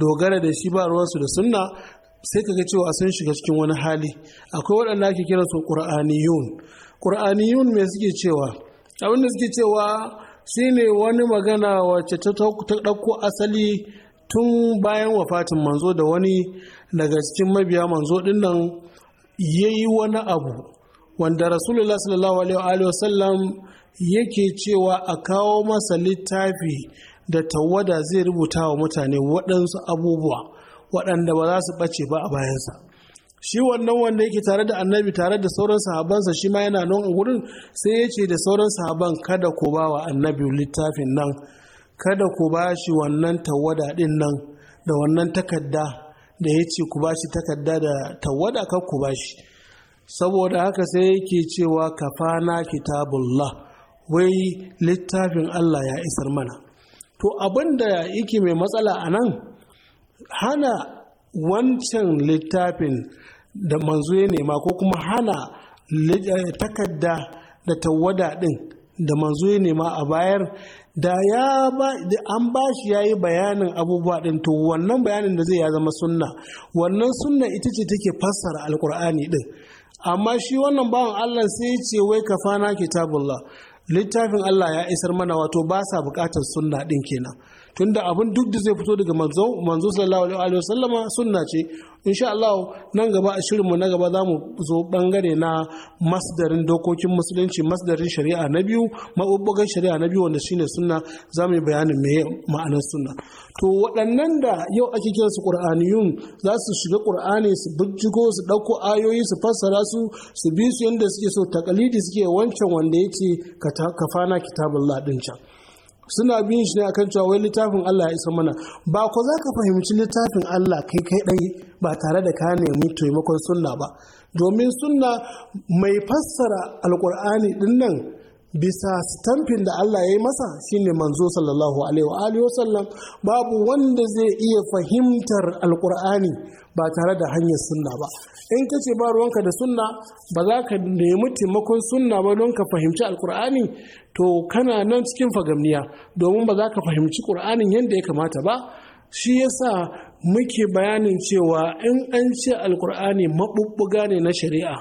dogara da shi ba ruwansu da sunna sai ka cewa sun shiga cikin wani hali akwai waɗanda ake kira su ƙur'aniyun ƙur'aniyun mai suke cewa abin da suke cewa shine wani magana wacce ta ɗauko asali tun bayan wafatin manzo da wani daga cikin mabiya manzo ɗin nan ya yi wani abu wanda rasulullah sallallahu alaihi wasallam yake cewa a kawo masa littafi da tawada zai rubuta wa mutane waɗansu abubuwa waɗanda ba za su ɓace ba a bayansa shi wannan wanda yake tare da annabi tare da sauran sahabansa shi ma yana nan a gurin sai ya ce da sauran sahaban kada ku ba wa annabi littafin nan kada ku ba shi wannan tawada ɗin nan da wannan takarda da ya ce ku ba shi takarda da tawada kar ku ba shi saboda haka sai yake cewa ka kafana kitabullah wai littafin Allah ya isar mana to abin da yake mai matsala a nan hana wancan littafin da manzo ya nema ko kuma hana eh, takarda da tawada din da manzo ya nema a bayar da ya ba an ba shi ya yi bayanin abubuwa din to wannan bayanin da zai ya zama sunna wannan sunna ita ce take fassara alkur'ani din. amma shi wannan bawan allah sai ce wai kafana kitabullah littafin allah ya isar mana wato ba sa buƙatar sunna ɗin kenan tunda abin duk da zai fito daga manzo manzo sallallahu alaihi wasallama sunna ce insha Allah nan gaba a shirin mu na gaba zamu zo bangare na masdarin dokokin musulunci masdarin shari'a na biyu mabubbugan shari'a na biyu wanda shine sunna za mu yi bayanin me ma'anar sunna to waɗannan da yau ake kiran su qur'aniyun za su shiga qur'ani su binciko su dauko ayoyi su fassara su su bi su yanda suke so takalidi suke wancan wanda yace kafana kitabullah din can suna bin shi ne akan cewa wai littafin Allah ya isa mana ba ko za ka fahimci littafin Allah kai kai ɗai ba tare da ka nemi taimakon sunna ba domin sunna mai fassara alkur'ani din nan bisa sitamfin da Allah ya yi masa shine manzo sallallahu alaihi wa sallam babu wanda zai iya fahimtar alkur'ani ba tare da hanyar sunna ba in ka ce ba ruwanka da sunna ba za ka nemi taimakon sunna ba don ka fahimci alkur'ani to kana nan cikin fagamniya domin ba za ka fahimci ƙur'anin yadda ya kamata ba shi yasa muke bayanin cewa in an ce alkur'ani maɓuɓɓuga ne na shari'a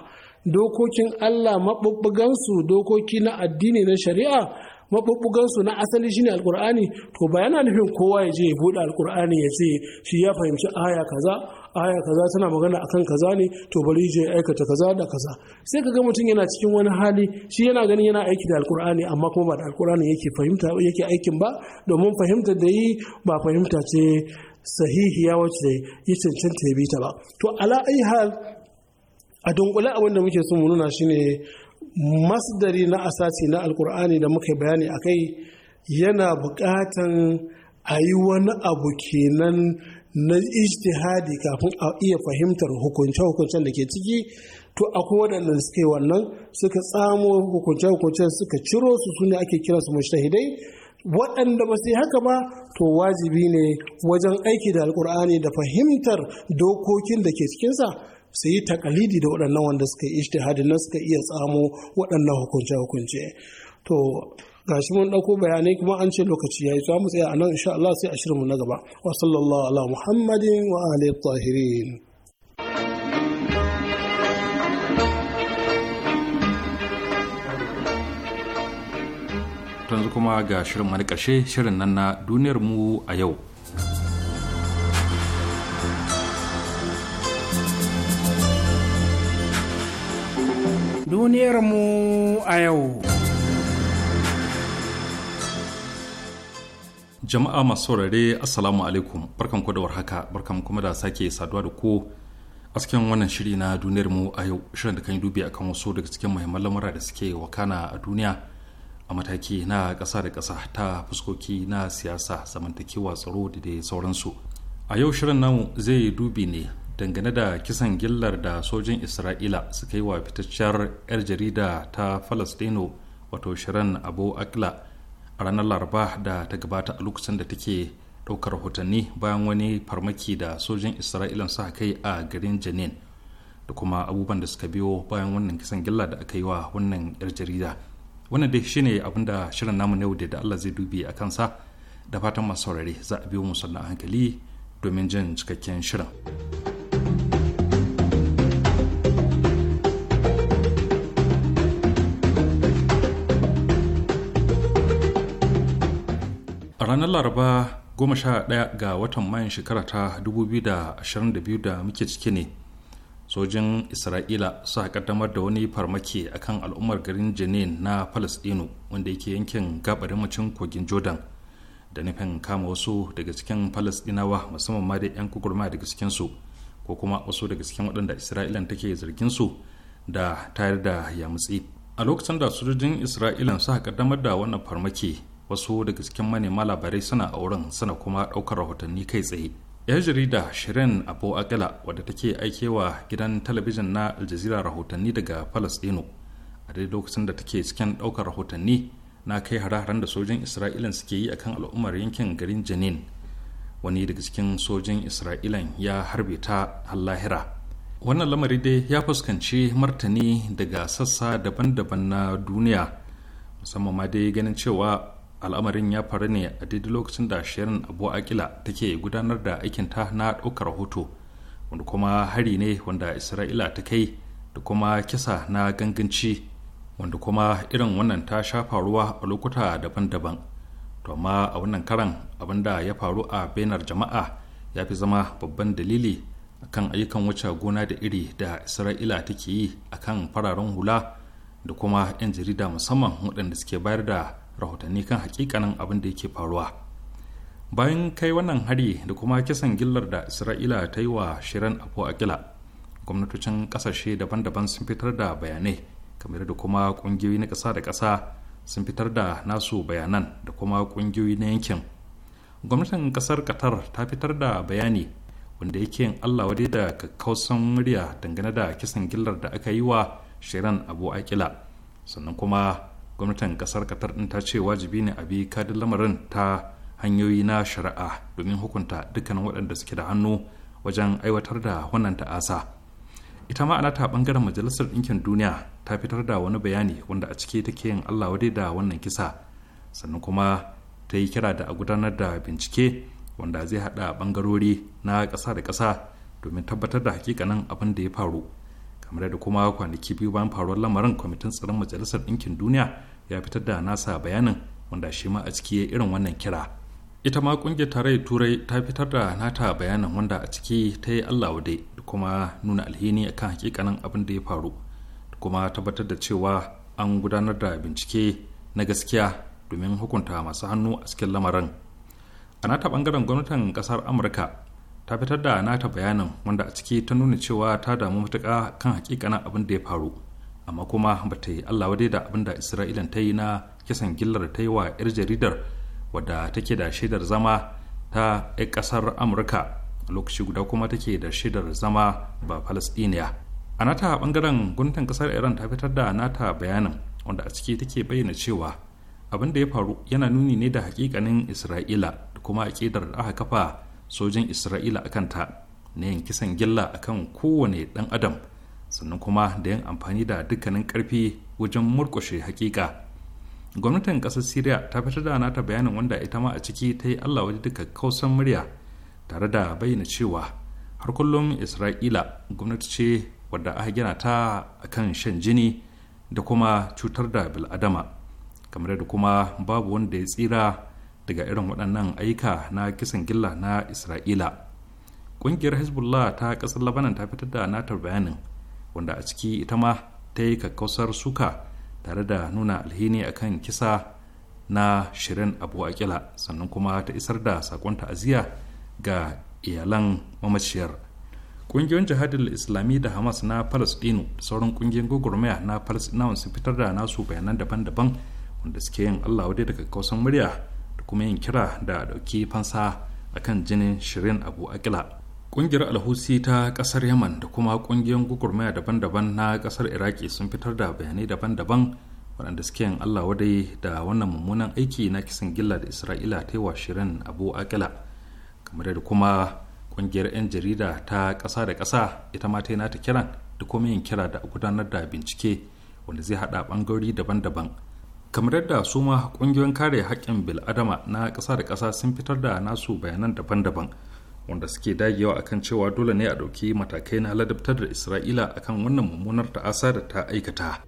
dokokin Allah maɓuɓɓugansu dokoki na addini na shari'a maɓuɓɓugansu na asali shine alkur'ani to ba yana nufin kowa ya je ya buɗe alkur'ani ya ce shi ya fahimci aya kaza aya kaza tana magana akan kaza ne to bari je aikata kaza da kaza sai ka ga mutum yana cikin wani hali shi yana ganin yana aiki da alkur'ani amma kuma ba da alkur'ani yake fahimta yake aikin ba domin fahimtar da yi ba fahimta ce sahihiya wacce ya cancanta ya bi ta ba to ala hal a dunkule abin da muke so mu nuna shine masdari na asasi na alkur'ani da muka bayani a kai yana bukatan a yi wani abu kenan na ijtihadi kafin a iya fahimtar hukunce-hukuncen da ke ciki to akwai waɗannan suka yi wannan suka tsamo hukunce-hukuncen suka ciro su su ne ake kira su shahidai. waɗanda ba su haka ba to wajibi ne wajen aiki da alkur'ani da fahimtar dokokin da ke cikinsa Sai yi takalidi da waɗannan wanda suka yi ishtihadi na suka iya tsamo waɗannan hukunce-hukunce to shi mun ɗauko bayanai kuma an ce lokaci ya yi za mu tsaya a nan insha Allah sai a shirin mu na gaba wa sallallahu ala muhammadin wa alihi tahirin yanzu kuma ga shirin mani ƙarshe shirin nan na duniyar mu a yau duniyarmu a yau. Jama'a masu saurare Assalamu alaikum ku da warhaka barkan kuma da sake saduwa da ku a cikin wannan shiri na duniyarmu a yau shirin da kan yi dubi a kan wasu daga cikin muhimman lamura da suke wakana a duniya a mataki na ƙasa da kasa ta fuskoki na siyasa zamantakewa tsaro da dai sauransu a yau shirin namu zai dubi ne dangane da kisan gillar da sojin isra'ila suka yi wa fitacciyar 'yar jarida ta falastino wato shirin abu akla a ranar laraba da ta gabata a lokacin da take ɗaukar rahotanni bayan wani farmaki da sojin isra'ila sa kai a garin janin da kuma abubuwan da suka biyo bayan wannan kisan gillar da aka yi wa wannan 'yar jarida wannan dai shine abin da shirin namu na yau da allah zai dubi a kansa da fatan masu saurare za a biyo a hankali domin jin cikakken shirin. ranar laraba goma sha ɗaya ga watan mayan shekara ta 2022 da muke ciki ne sojin isra'ila suka kaddamar da wani farmaki kan al'ummar garin jenin na palestino wanda yake yankin gabarimacin kogin jordan da nufin kama wasu daga cikin palestinawa musamman ma da 'yan kukurma daga cikinsu ko kuma wasu daga cikin waɗanda israila take zarginsu da tayar da yamutsi a lokacin da sojojin isra'ilan suka kaddamar da wannan farmaki wasu daga cikin manema labarai suna auren wurin suna kuma ɗaukar rahotanni kai tsaye yar jarida shirin abu akila wadda take aikewa gidan talabijin na aljazira rahotanni daga palestino a daidai lokacin da take cikin ɗaukar rahotanni na kai hare-haren da sojin isra'ila suke yi akan al'ummar yankin garin janin wani daga cikin sojin isra'ila ya harbe ta hallahira wannan lamari dai ya fuskanci martani daga sassa daban-daban na duniya musamman ma dai ganin cewa al'amarin ya faru ne a daidai lokacin da shirin abu akila take gudanar da aikin ta na ɗaukar hoto wanda kuma hari ne wanda isra'ila ta kai da kuma kisa na ganganci wanda kuma irin wannan ta sha faruwa a lokuta daban-daban to amma a wannan karan abin da ya faru a bainar jama'a ya fi zama babban dalili akan ayyukan wuce gona da iri da isra'ila take yi akan fararen hula da kuma 'yan jarida musamman waɗanda suke bayar da rahotanni kan hakikanin abin da yake faruwa bayan kai wannan hari da kuma kisan gillar da isra'ila ta yi wa shirin abu akila gwamnatocin kasashe daban-daban sun fitar da bayanai kamar da kuma kungiyoyi na ƙasa da ƙasa sun fitar da nasu bayanan da kuma kungiyoyi na yankin gwamnatin ƙasar qatar ta fitar da bayani wanda yake yin allah wadai da kakkausan murya dangane da kisan gillar da aka yi wa shirin abu akila sannan kuma gwamnatin kasar katar din ta ce wajibi ne a bi kadin lamarin ta hanyoyi na shari'a domin hukunta dukkanin waɗanda suke da hannu wajen aiwatar da wannan ta'asa ita ma ta bangaren majalisar ɗinkin duniya ta fitar da wani bayani wanda a ciki take yin allah wadai da wannan kisa sannan kuma ta yi kira da a gudanar da bincike wanda zai haɗa bangarori na ƙasa da ƙasa domin tabbatar da hakikanin abin da ya faru kamar da kuma kwanaki biyu bayan faruwar lamarin kwamitin tsaron majalisar ɗinkin duniya ya fitar da nasa bayanin wanda shi ma a ciki ya irin wannan kira ita ma kungiyar tarayyar turai ta fitar da nata bayanin wanda a ciki ta yi allah wade da kuma nuna alhini akan hakikanin abin da ya faru da kuma tabbatar da cewa an gudanar da bincike na gaskiya domin hukunta masu hannu a cikin lamarin a nata bangaren gwamnatin kasar amurka ta fitar da nata bayanin wanda a ciki ta nuna cewa ta damu matuƙa kan hakikanin abin da ya faru amma kuma ba ta yi allah wadai da abin da isra'ilan ta yi na kisan gillar ta yi wa 'yar jaridar wadda take da shaidar zama ta 'yan ƙasar amurka lokaci guda kuma take da shaidar zama ba falasɗiniya a nata ɓangaren gwamnatin ƙasar iran ta fitar da nata bayanin wanda a ciki take bayyana cewa abin da ya faru yana nuni ne da haƙiƙanin isra'ila da kuma aƙidar da aka kafa sojin isra'ila akan ta na yin kisan gilla akan kowane ɗan adam sannan kuma da yin amfani da dukkanin karfi wajen murkushe hakika gwamnatin kasar syria ta fitar da nata bayanin wanda ita ma a ciki ta yi allah waje duka kausan murya tare da bayyana cewa har kullum isra'ila gwamnati ce wadda aka gina ta kan shan jini da kuma cutar da bil'adama kamar da kuma babu wanda ya tsira daga irin waɗannan aika na kisan gilla na isra'ila ƙungiyar hezbollah ta ƙasar labanan ta fitar da nata bayanin wanda a ciki ita ma ta yi kakkausar suka tare da nuna alhini akan kisa na shirin abu akila sannan kuma ta isar da sakon ta'aziyya ga iyalan mamaciyar ƙungiyoyin jihadin islami da hamas na palestino da sauran ƙungiyoyin gwagwarmaya na palestinawan sun fitar da nasu bayanan daban-daban wanda suke yin allah wadai daga kausan murya da kuma yin kira da ɗauki fansa akan jinin shirin abu akila Ƙungiyar alhusi ta ƙasar Yaman da kuma ƙungiyoyin gugurmaya daban-daban na ƙasar Iraki sun fitar da bayanai daban-daban waɗanda suke yin Allah wadai da wannan mummunan aiki na kisan gilla da Isra'ila ta yi wa shirin Abu Akila. Kamar da kuma ƙungiyar 'yan jarida ta ƙasa da ƙasa ita ma ta yi nata kiran da kuma yin kira da gudanar da bincike wanda zai haɗa ɓangarori daban-daban kamar yadda su ma ƙungiyoyin kare haƙƙin bil'adama na ƙasa da ƙasa sun fitar da nasu bayanan daban-daban wanda suke dagewa akan cewa dole ne a ɗauki matakai na ladabtar da isra'ila akan wannan mummunar ta'asa da ta aikata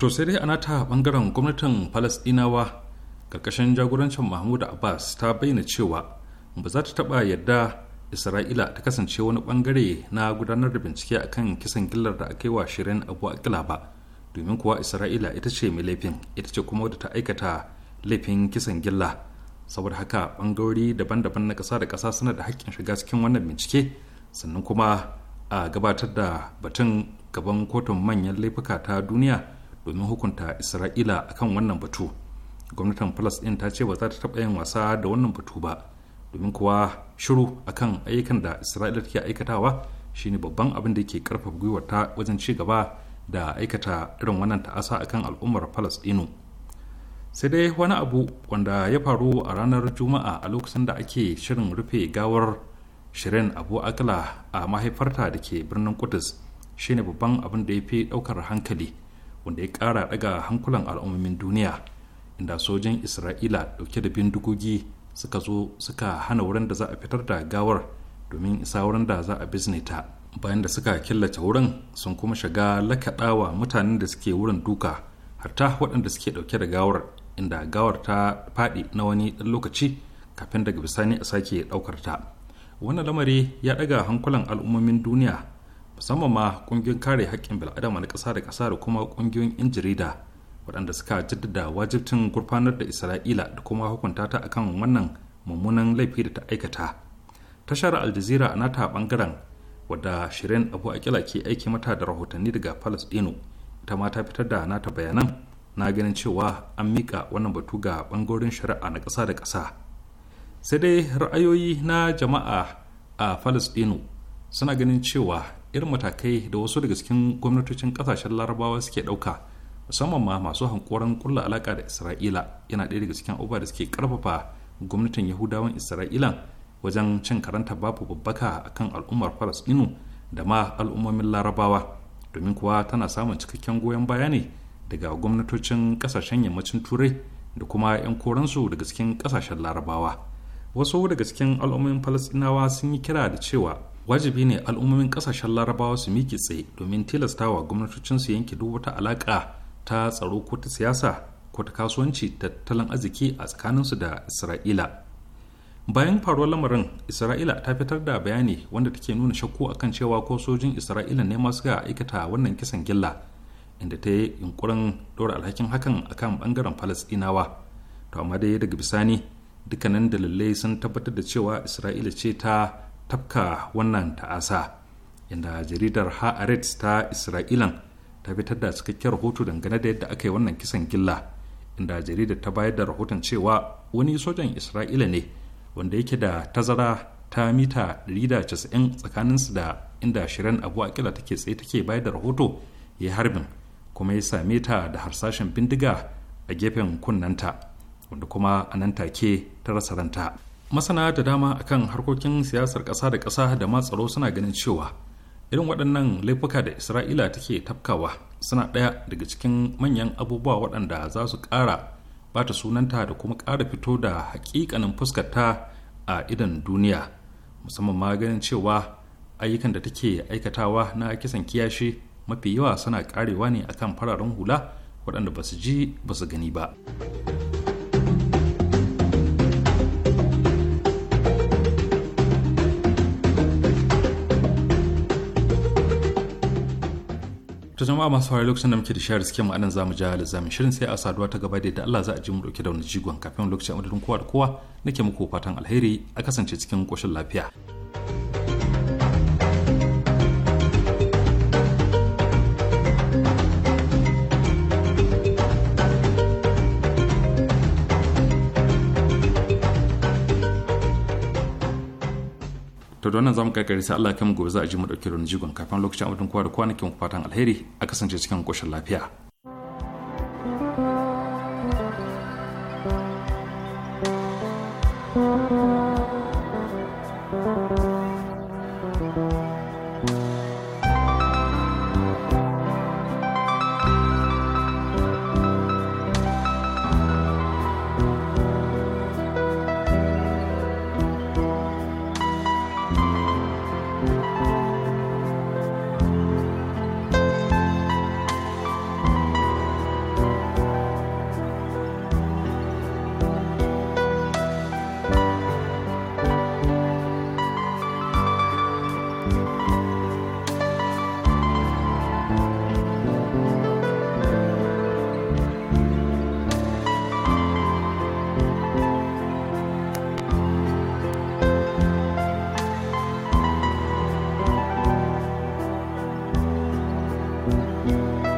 to sai dai ana ta bangaren gwamnatin falasdinawa karkashin jagorancin mahmud abbas ta bayyana cewa ba za ta taɓa yadda isra'ila ta kasance wani bangare na gudanar da bincike akan kisan gillar da aka yi wa shirin abu akila ba domin kuwa isra'ila ita ce mai laifin ita ce kuma wadda ta aikata laifin kisan gilla saboda haka bangarori daban-daban na kasa da kasa suna da hakkin shiga cikin wannan bincike sannan kuma a gabatar da batun gaban kotun manyan laifuka ta duniya domin hukunta isra'ila akan wannan batu gwamnatin ɗin ta ce ba za ta taɓa yin wasa da wannan batu ba domin kuwa shiru akan ayyukan da isra'ila ke aikatawa shine babban abin da ke karfafa gwiwar ta wajen ci gaba da aikata irin wannan ta'asa akan al'ummar palestino sai dai wani abu wanda ya faru a ranar juma'a a lokacin da ake shirin rufe gawar shirin abu akala a mahaifarta da ke birnin kudus shine babban abin da ya fi daukar hankali wanda ya kara daga hankulan al'ummomin duniya inda sojin isra'ila dauke da bindigogi suka zo suka hana wurin da za a fitar da gawar domin isa wurin da za a bizne ta bayan da suka killace wurin sun kuma shiga lakaɗawa mutanen da suke wurin duka hatta waɗanda suke ɗauke da gawar inda gawar ta faɗi na wani ɗan lokaci kafin daga bisani a sake ɗaukar ta wannan lamari ya ɗaga hankulan al'ummomin duniya musamman ma ƙungiyoyin kare haƙƙin bil'adama na ƙasa da ƙasa da kuma ƙungiyoyin 'yan jarida waɗanda suka jaddada wajibcin gurfanar da isra'ila da kuma hukunta ta akan wannan mummunan laifi da ta aikata tashar aljazira a nata bangaren wadda shirin abu a akila ke aiki mata da rahotanni daga dino ita ma ta fitar da nata bayanan na ganin cewa an mika wannan batu ga bangorin shari'a na ƙasa da ƙasa sai dai ra'ayoyi na jama'a a dino suna ganin cewa irin matakai da wasu daga cikin gwamnatocin ƙasashen larabawa suke ɗauka musamman ma masu hankoran kulla alaka da isra'ila yana ɗaya daga cikin abubuwa da suke karfafa gwamnatin yahudawan isra'ila wajen cin karanta babu babbaka akan al'ummar falasɗinu da ma al'ummomin larabawa domin kuwa tana samun cikakken goyon baya ne daga gwamnatocin kasashen yammacin turai da kuma 'yan koransu daga cikin kasashen larabawa wasu daga cikin al'ummomin falasɗinawa sun yi kira da cewa wajibi ne al'ummomin kasashen larabawa su miki tsaye domin tilastawa gwamnatocinsu yanke duk wata alaƙa ta tsaro ko ta siyasa ko ta kasuwanci tattalin arziki a tsakaninsu da isra'ila bayan faruwar lamarin isra'ila ta fitar da bayani wanda take nuna shakku akan cewa ko sojin isra'ila ne masu ga aikata wannan kisan gilla inda ta yi yunkurin ɗora alhakin hakan akan bangaren falasɗinawa to amma dai daga bisani dukkanin dalilai sun tabbatar da cewa isra'ila ce ta tafka wannan ta'asa inda jaridar haaretz ta isra'ilan ta fitar da cikakken rahoto dangane da yadda aka yi wannan kisan gilla inda jaridar ta bayar da rahoton cewa wani sojan isra'ila ne wanda yake da tazara ta mita 190 tsakaninsu da inda shirin abu akila take tsaye take bayar da rahoto ya harbin kuma ya same ta da harsashen bindiga a gefen kunnanta wanda kuma a nan take ta rasa ranta masana da dama akan harkokin siyasar ƙasa da ƙasa da ma tsaro suna ganin cewa irin waɗannan laifuka da isra'ila take tafkawa suna ɗaya daga cikin manyan abubuwa waɗanda za su ƙara ba ta sunanta da kuma ƙara fito da haƙiƙanin fuskarta a idan duniya musamman ma ganin cewa ayyukan da take aikatawa na kisan kiyashi mafi yawa suna ƙarewa ne akan fararen hula waɗanda ba su ji ba su gani ba. ta jama'a masu hawaye lokacin da muke da shayar suke ma'anan zamu da zamu shirin sai a saduwa ta gaba da Allah za a ji mu dauke da wani jigon kafin lokacin madadin kowa da kowa nake muku fatan alheri a kasance cikin koshin lafiya. da wannan zamu kakari sai Allah ya kai gobe za a ji mu dauki don jigon kafin lokacin abin kowa da kwanakin fatan alheri a kasance cikin koshin lafiya Thank you.